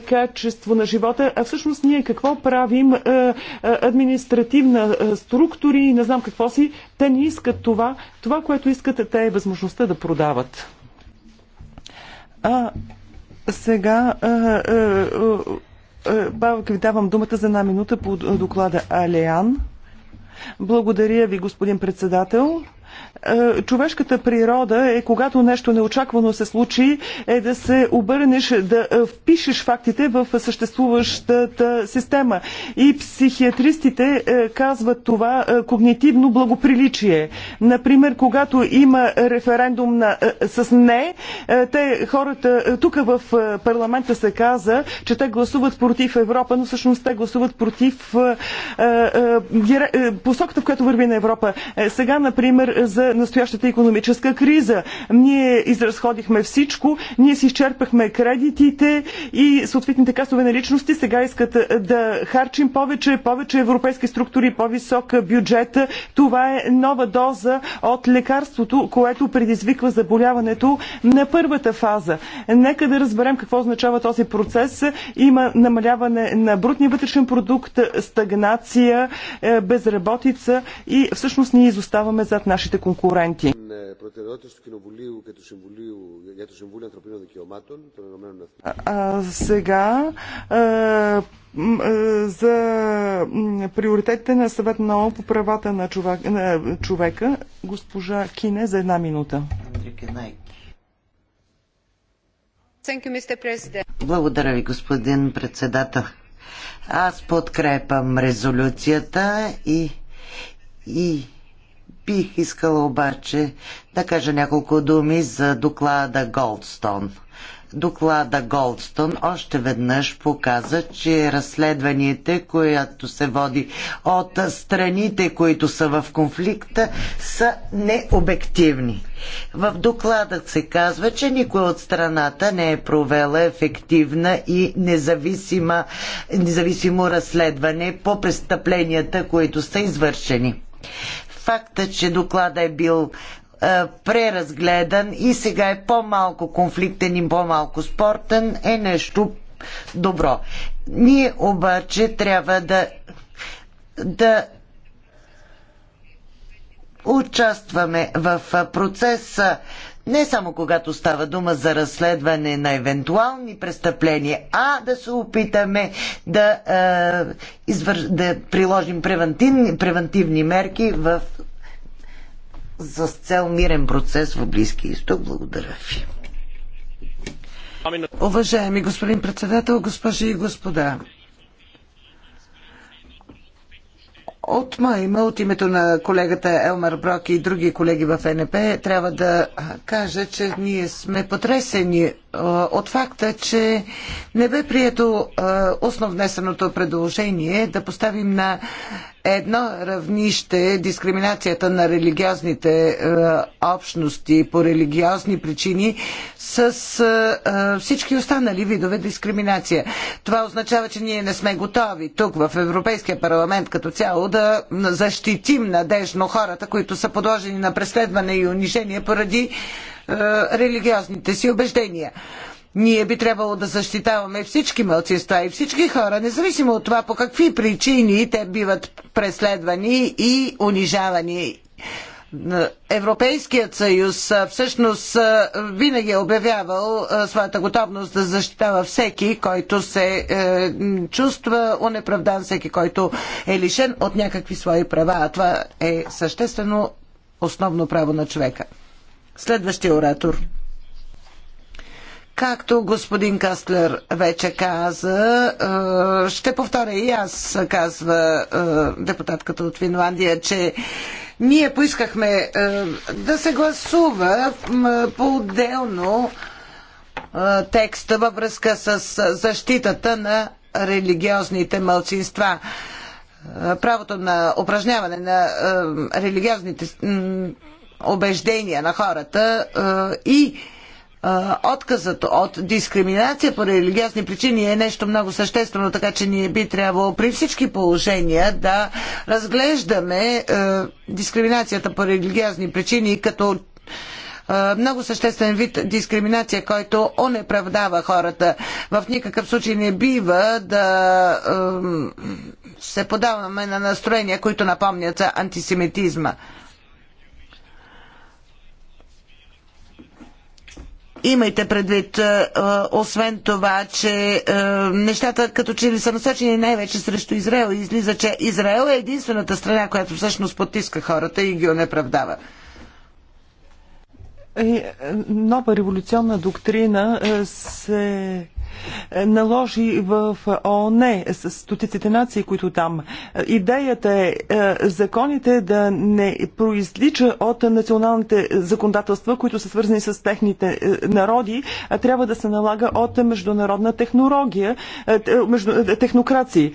качество на живота. А всъщност ние какво правим? администрацията административна е, структури и не знам какво си. Те не искат това. Това, което искат, те е възможността да продават. А сега а, е, а, е, а, Бабък ви давам думата за една минута по доклада Алеан. Благодаря ви, господин председател. Е, човешката природа е, когато нещо неочаквано се случи, е да се обърнеш, да е, впишеш фактите в съществуващата система. И психиатристите е, казват това когнитивно благоприличие. Например, когато има референдум на, с не, те хората, тук в парламента се каза, че те гласуват против Европа, но всъщност те гласуват против посоката, в която върви на Европа. Сега, например, за настоящата економическа криза. Ние изразходихме всичко, ние си изчерпахме кредитите и съответните касове наличности сега искат да харчим повече, повече европейски структури, по-висок бюджет. Това е нова доза от лекарството, което предизвиква заболяването на първата фаза. Нека да разберем какво означава този процес. Има намаляване на брутния вътрешен продукт, стагнация, е, безработица и всъщност ние изоставаме зад нашите нашите конкуренти. сега за приоритетите на съвет на ООН по правата на, на човека, госпожа Кине за една минута. Е Благодаря ви, господин председател. Аз подкрепам резолюцията и, и Бих искала обаче да кажа няколко думи за доклада Голдстон. Доклада Голдстон още веднъж показа, че разследванията, които се води от страните, които са в конфликта, са необективни. В докладът се казва, че никой от страната не е провела ефективна и независима независимо разследване по престъпленията, които са извършени факта, че доклада е бил е, преразгледан и сега е по-малко конфликтен и по-малко спортен, е нещо добро. Ние обаче трябва да, да участваме в процеса не само когато става дума за разследване на евентуални престъпления, а да се опитаме да, е, извър... да приложим превентивни, превентивни мерки в за цел мирен процес в Близкия изток. Благодаря ви. Ами Уважаеми господин председател, госпожи и господа, От мое име, от името на колегата Елмар Брок и други колеги в НП, трябва да кажа, че ние сме потресени от факта, че не бе прието основнесеното предложение да поставим на едно равнище дискриминацията на религиозните общности по религиозни причини с всички останали видове дискриминация. Това означава, че ние не сме готови тук в Европейския парламент като цяло да защитим надежно хората, които са подложени на преследване и унижение поради е, религиозните си убеждения. Ние би трябвало да защитаваме всички мълцинства и всички хора, независимо от това по какви причини те биват преследвани и унижавани. Европейският съюз е, всъщност е, винаги е обявявал своята готовност да защитава всеки, който се е, чувства унеправдан, всеки, който е лишен от някакви свои права. А това е съществено основно право на човека. Следващия оратор. Както господин Кастлер вече каза, ще повторя и аз, казва депутатката от Финландия, че ние поискахме да се гласува по-отделно текста във връзка с защитата на религиозните мълчинства. Правото на упражняване на религиозните убеждения на хората и отказът от дискриминация по религиозни причини е нещо много съществено, така че ние би трябвало при всички положения да разглеждаме дискриминацията по религиозни причини като много съществен вид дискриминация, който онеправдава хората. В никакъв случай не бива да се подаваме на настроения, които напомнят за антисемитизма. Имайте предвид, е, е, освен това, че е, нещата като че ли са насочени най-вече срещу Израел. Излиза, че Израел е единствената страна, която всъщност потиска хората и ги онеправдава. Нова революционна доктрина се е, наложи в ООН с стотиците нации, които там. Е, идеята е, е законите да не произлича от националните законодателства, които са свързани с техните народи, а трябва да се налага от международна технология, технокрации.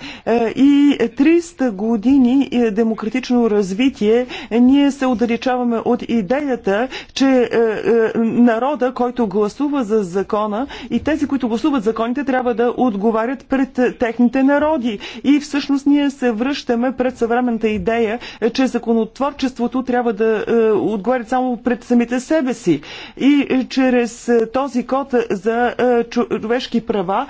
И 300 години демократично развитие ние се отдалечаваме от идеята, че народа, който гласува за закона и тези, които гласуват законите, трябва да отговарят пред техните народи. И всъщност ние се връщаме пред съвременната идея, е, че законотворчеството трябва да е, отговарят само пред самите себе си. И е, чрез този код за човешки права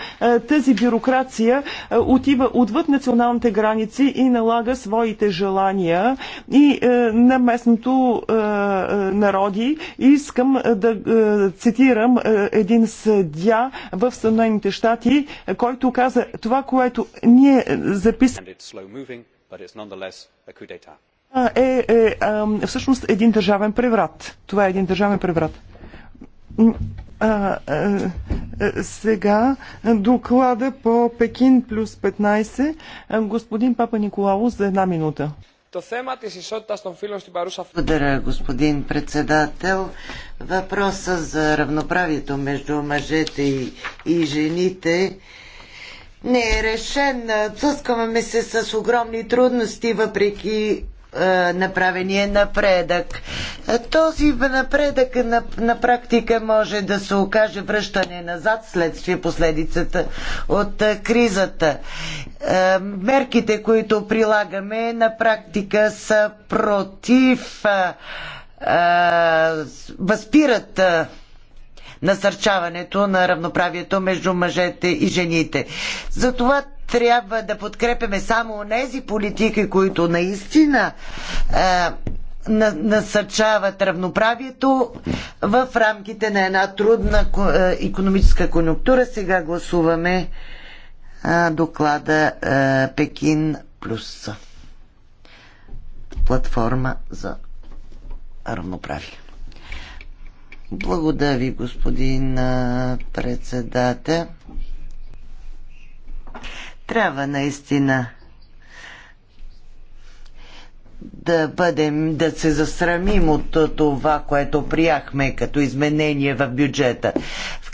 тази бюрокрация отива отвъд националните граници и налага своите желания и на местното народи. Искам да цитирам един съдя в Съна Съединените щати, който каза това, което ние записаме е, е, всъщност един държавен преврат. Това е един държавен преврат. А, а, а, сега доклада по Пекин плюс 15. Господин Папа Николао за една минута. Благодаря, господин председател. въпросът за равноправието между мъжете и, жените не е решен. Цъскаме се с огромни трудности, въпреки е, направения напредък. Този напредък на, на практика може да се окаже връщане назад следствие последицата от е, кризата. Е, мерките, които прилагаме на практика са против възпират насърчаването на равноправието между мъжете и жените. Затова трябва да подкрепяме само тези политики, които наистина е, насърчават равноправието в рамките на една трудна економическа конюнктура. Сега гласуваме е, доклада е, Пекин Плюс. Платформа за равноправие. Благодаря ви, господин председател трябва наистина да бъдем, да се засрамим от това, което прияхме като изменение в бюджета.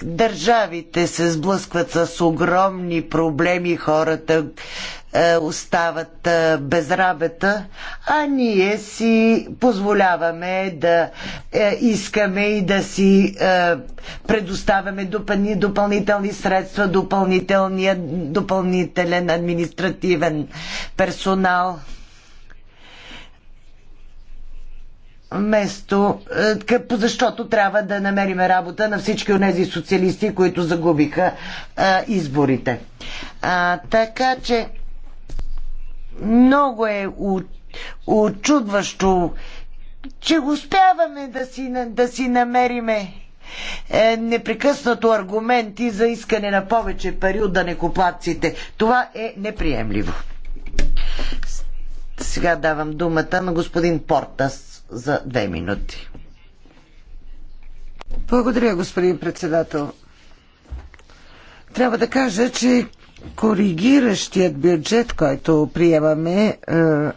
Държавите се сблъскват с огромни проблеми, хората е, остават е, без работа, а ние си позволяваме да е, искаме и да си предоставяме допълнителни средства, допълнителен административен персонал. Место, защото трябва да намериме работа на всички от тези социалисти, които загубиха изборите. А, така че много е очудващо, че успяваме да си, да си намериме е, непрекъснато аргументи за искане на повече пари от данекоплаците. Това е неприемливо. Сега давам думата на господин Портас за две минути. Благодаря, господин председател. Трябва да кажа, че коригиращият бюджет, който приемаме, е,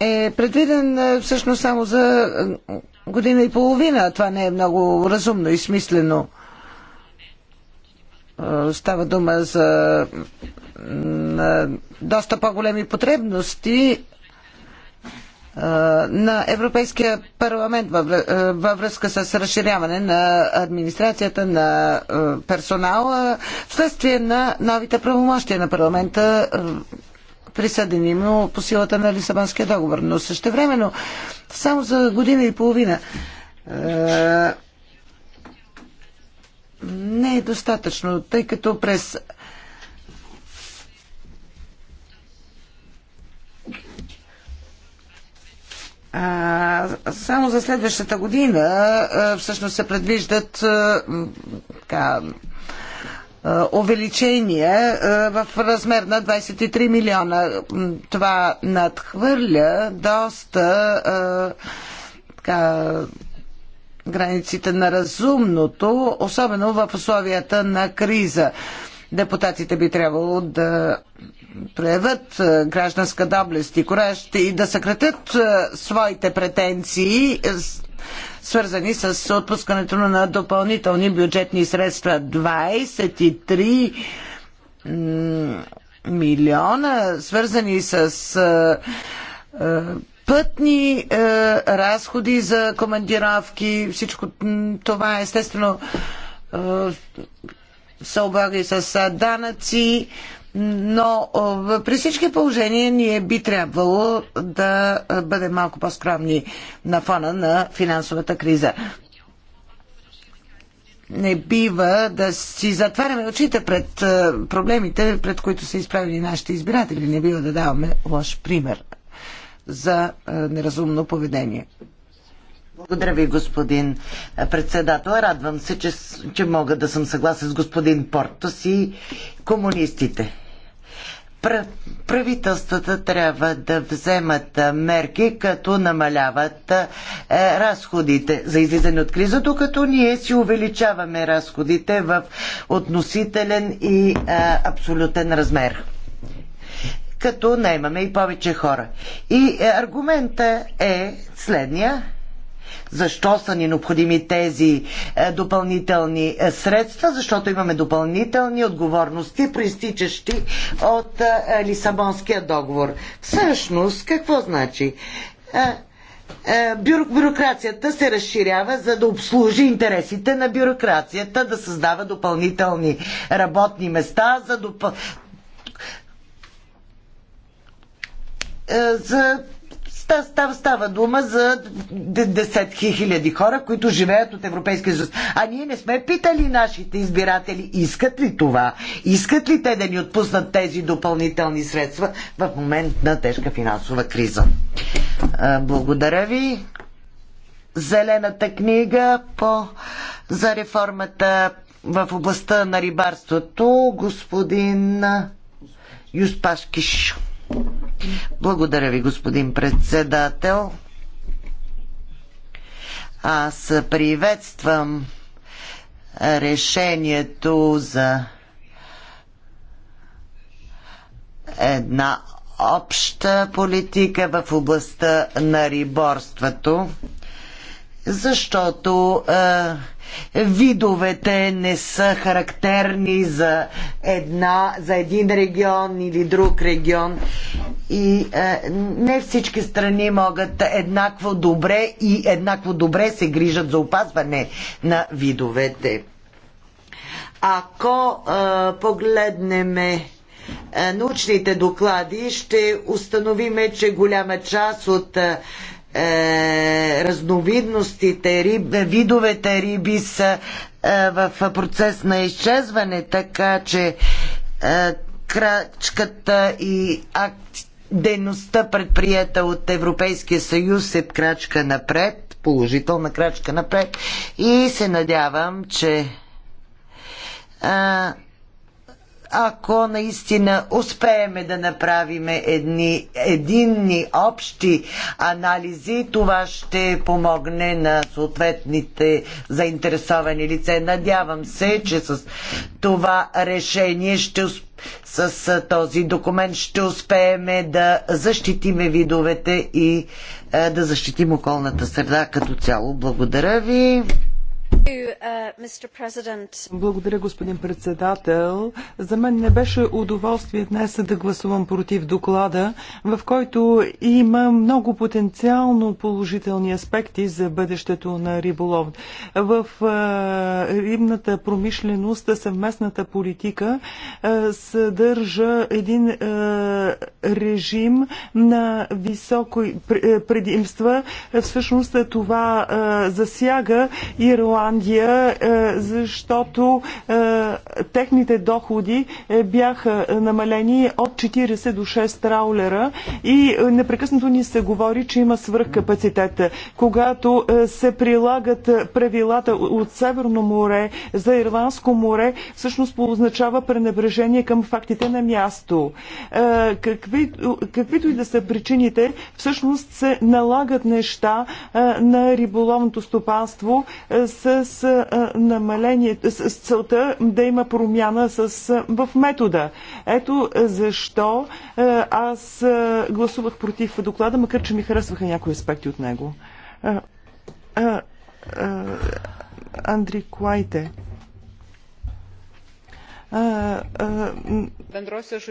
е, е предвиден е, всъщност само за година и половина. Това не е много разумно и смислено. Става дума за доста по-големи потребности на Европейския парламент във връзка с разширяване на администрацията на персонала вследствие на новите правомощия на парламента присъдени му по силата на Лисабонския договор. Но същевременно, само за година и половина не е достатъчно, тъй като през А, само за следващата година а, всъщност се предвиждат а, така, увеличение в размер на 23 милиона. Това надхвърля доста така, границите на разумното, особено в условията на криза. Депутатите би трябвало да проявят е, гражданска доблест и кураж и да съкратят е, своите претенции, е, свързани с отпускането на допълнителни бюджетни средства. 23 милиона, свързани с пътни разходи за командировки. Всичко това естествено се облага и с данъци. Но при всички положения ние би трябвало да бъдем малко по-скромни на фона на финансовата криза. Не бива да си затваряме очите пред проблемите, пред които са изправени нашите избиратели. Не бива да даваме лош пример за неразумно поведение. Благодаря ви, господин председател. Радвам се, че, че мога да съм съгласен с господин Портос и комунистите правителствата трябва да вземат мерки, като намаляват е, разходите за излизане от криза, докато ние си увеличаваме разходите в относителен и абсолютен размер като наймаме и повече хора. И е, аргумента е следния защо са ни необходими тези е, допълнителни е, средства, защото имаме допълнителни отговорности, проистичащи от е, Лисабонския договор. Всъщност, какво значи? Бюро, бюрокрацията се разширява, за да обслужи интересите на бюрокрацията, да създава допълнителни работни места, за допъл... за Става, става дума за десетки хиляди хора, които живеят от Европейския съюз. А ние не сме питали нашите избиратели, искат ли това, искат ли те да ни отпуснат тези допълнителни средства в момент на тежка финансова криза. Благодаря ви. Зелената книга по, за реформата в областта на рибарството, господин Юспашкиш. Благодаря ви, господин председател. Аз приветствам решението за една обща политика в областта на риборството, защото е, видовете не са характерни за, една, за един регион или друг регион и е, не всички страни могат еднакво добре и еднакво добре се грижат за опазване на видовете. Ако е, погледнем е, научните доклади, ще установиме, че голяма част от е, е, разновидностите, риб, видовете риби са е, в процес на изчезване, така че е, крачката и акт, дейността предприета от Европейския съюз е крачка напред, положителна крачка напред и се надявам, че ако наистина успееме да направим едни, единни общи анализи, това ще помогне на съответните заинтересовани лице. Надявам се, че с това решение ще с този документ ще успеем да защитим видовете и е, да защитим околната среда като цяло. Благодаря ви. Благодаря, господин председател. За мен не беше удоволствие днес да гласувам против доклада, в който има много потенциално положителни аспекти за бъдещето на риболов. В рибната промишленост, съвместната политика съдържа един режим на високо предимства. Всъщност това засяга Ирландия Ирландия, е, защото е, техните доходи е, бяха намалени от 40 до 6 траулера и непрекъснато ни се говори, че има свръхкапацитет. Когато се прилагат правилата от Северно море за Ирландско море, всъщност означава пренебрежение към фактите на място. Какви, каквито и да са причините, всъщност се налагат неща на риболовното стопанство с с намаление, с, с целта да има промяна с, в метода. Ето защо аз гласувах против доклада, макар че ми харесваха някои аспекти от него. Андри Клайте. Bendrosios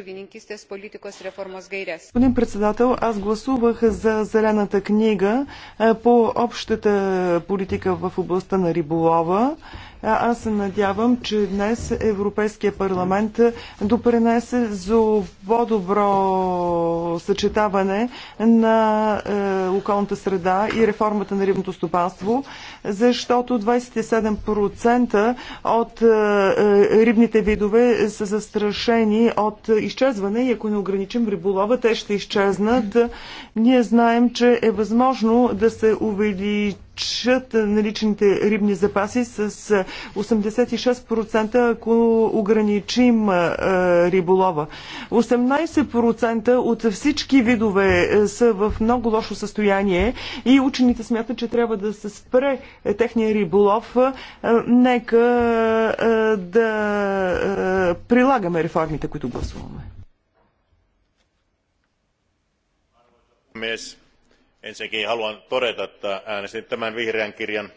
politikos reformos Господин председател, аз гласувах за зелената книга по общата политика в областта на риболова аз се надявам, че днес Европейския парламент допренесе за по-добро съчетаване на е, околната среда и реформата на рибното стопанство, защото 27% от е, е, рибните видове са застрашени от изчезване и ако не ограничим риболова, те ще изчезнат. Ние знаем, че е възможно да се увеличи увеличат наличните рибни запаси с 86%, ако ограничим риболова. 18% от всички видове са в много лошо състояние и учените смятат, че трябва да се спре техния риболов. Нека да прилагаме реформите, които гласуваме. puhemies Ensinnäkin haluan todeta, että äänestin tämän vihreän kirjan.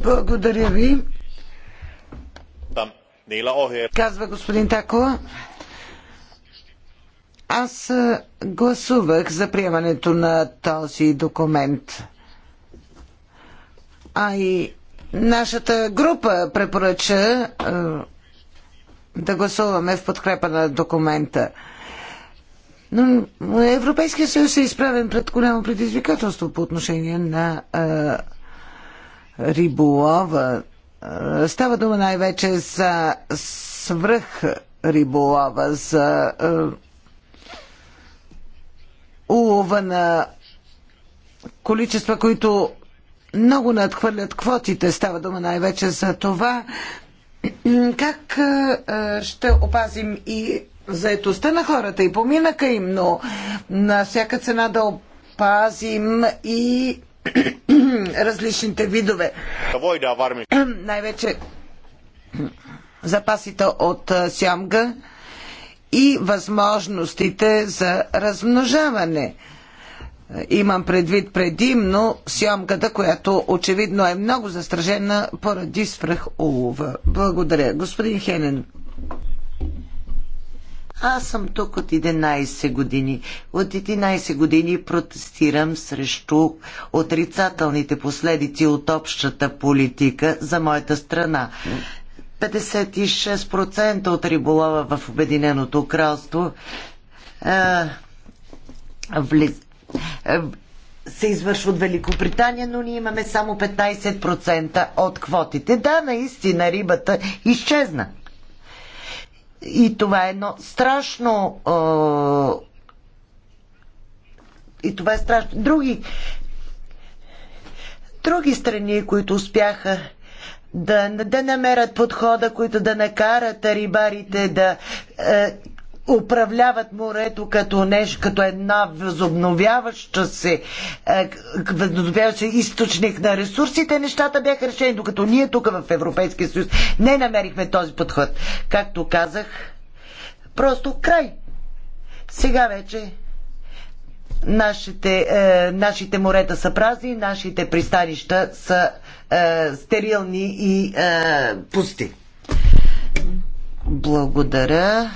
Благодаря ви. Niillä ohjeilla. Казва господин Аз е, гласувах за приемането на този документ. А и нашата група препоръча е, да гласуваме в подкрепа на документа. Но Европейския съюз е изправен пред голямо предизвикателство по отношение на а, риболова. А, става дума най-вече за свръх риболова, за улова на количества, които много надхвърлят квотите. Става дума най-вече за това как ще опазим и заетостта на хората и поминъка им, но на всяка цена да опазим и различните видове. Най-вече запасите от сямга и възможностите за размножаване. Имам предвид предимно сямката, която очевидно е много застражена поради улова. Благодаря. Господин Хенен. Аз съм тук от 11 години. От 11 години протестирам срещу отрицателните последици от общата политика за моята страна. 56% от риболова в Обединеното кралство а, вли, а, се извършва от Великобритания, но ние имаме само 15% от квотите. Да, наистина рибата изчезна. И това е едно страшно. И това е страшно. Други, други страни, които успяха да, да намерят подхода, които да накарат рибарите да е, управляват морето като, нещо, като една възобновяваща се, е, възобновяваща се източник на ресурсите, нещата бяха решени, докато ние тук в Европейския съюз не намерихме този подход. Както казах, просто край. Сега вече нашите, е, нашите морета са празни, нашите пристанища са е, стерилни и е, пусти. Благодаря.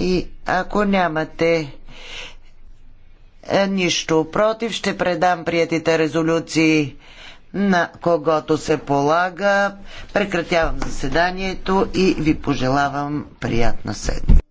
И ако нямате е, нищо против, ще предам приятите резолюции на когото се полага. Прекратявам заседанието и ви пожелавам приятна седмица.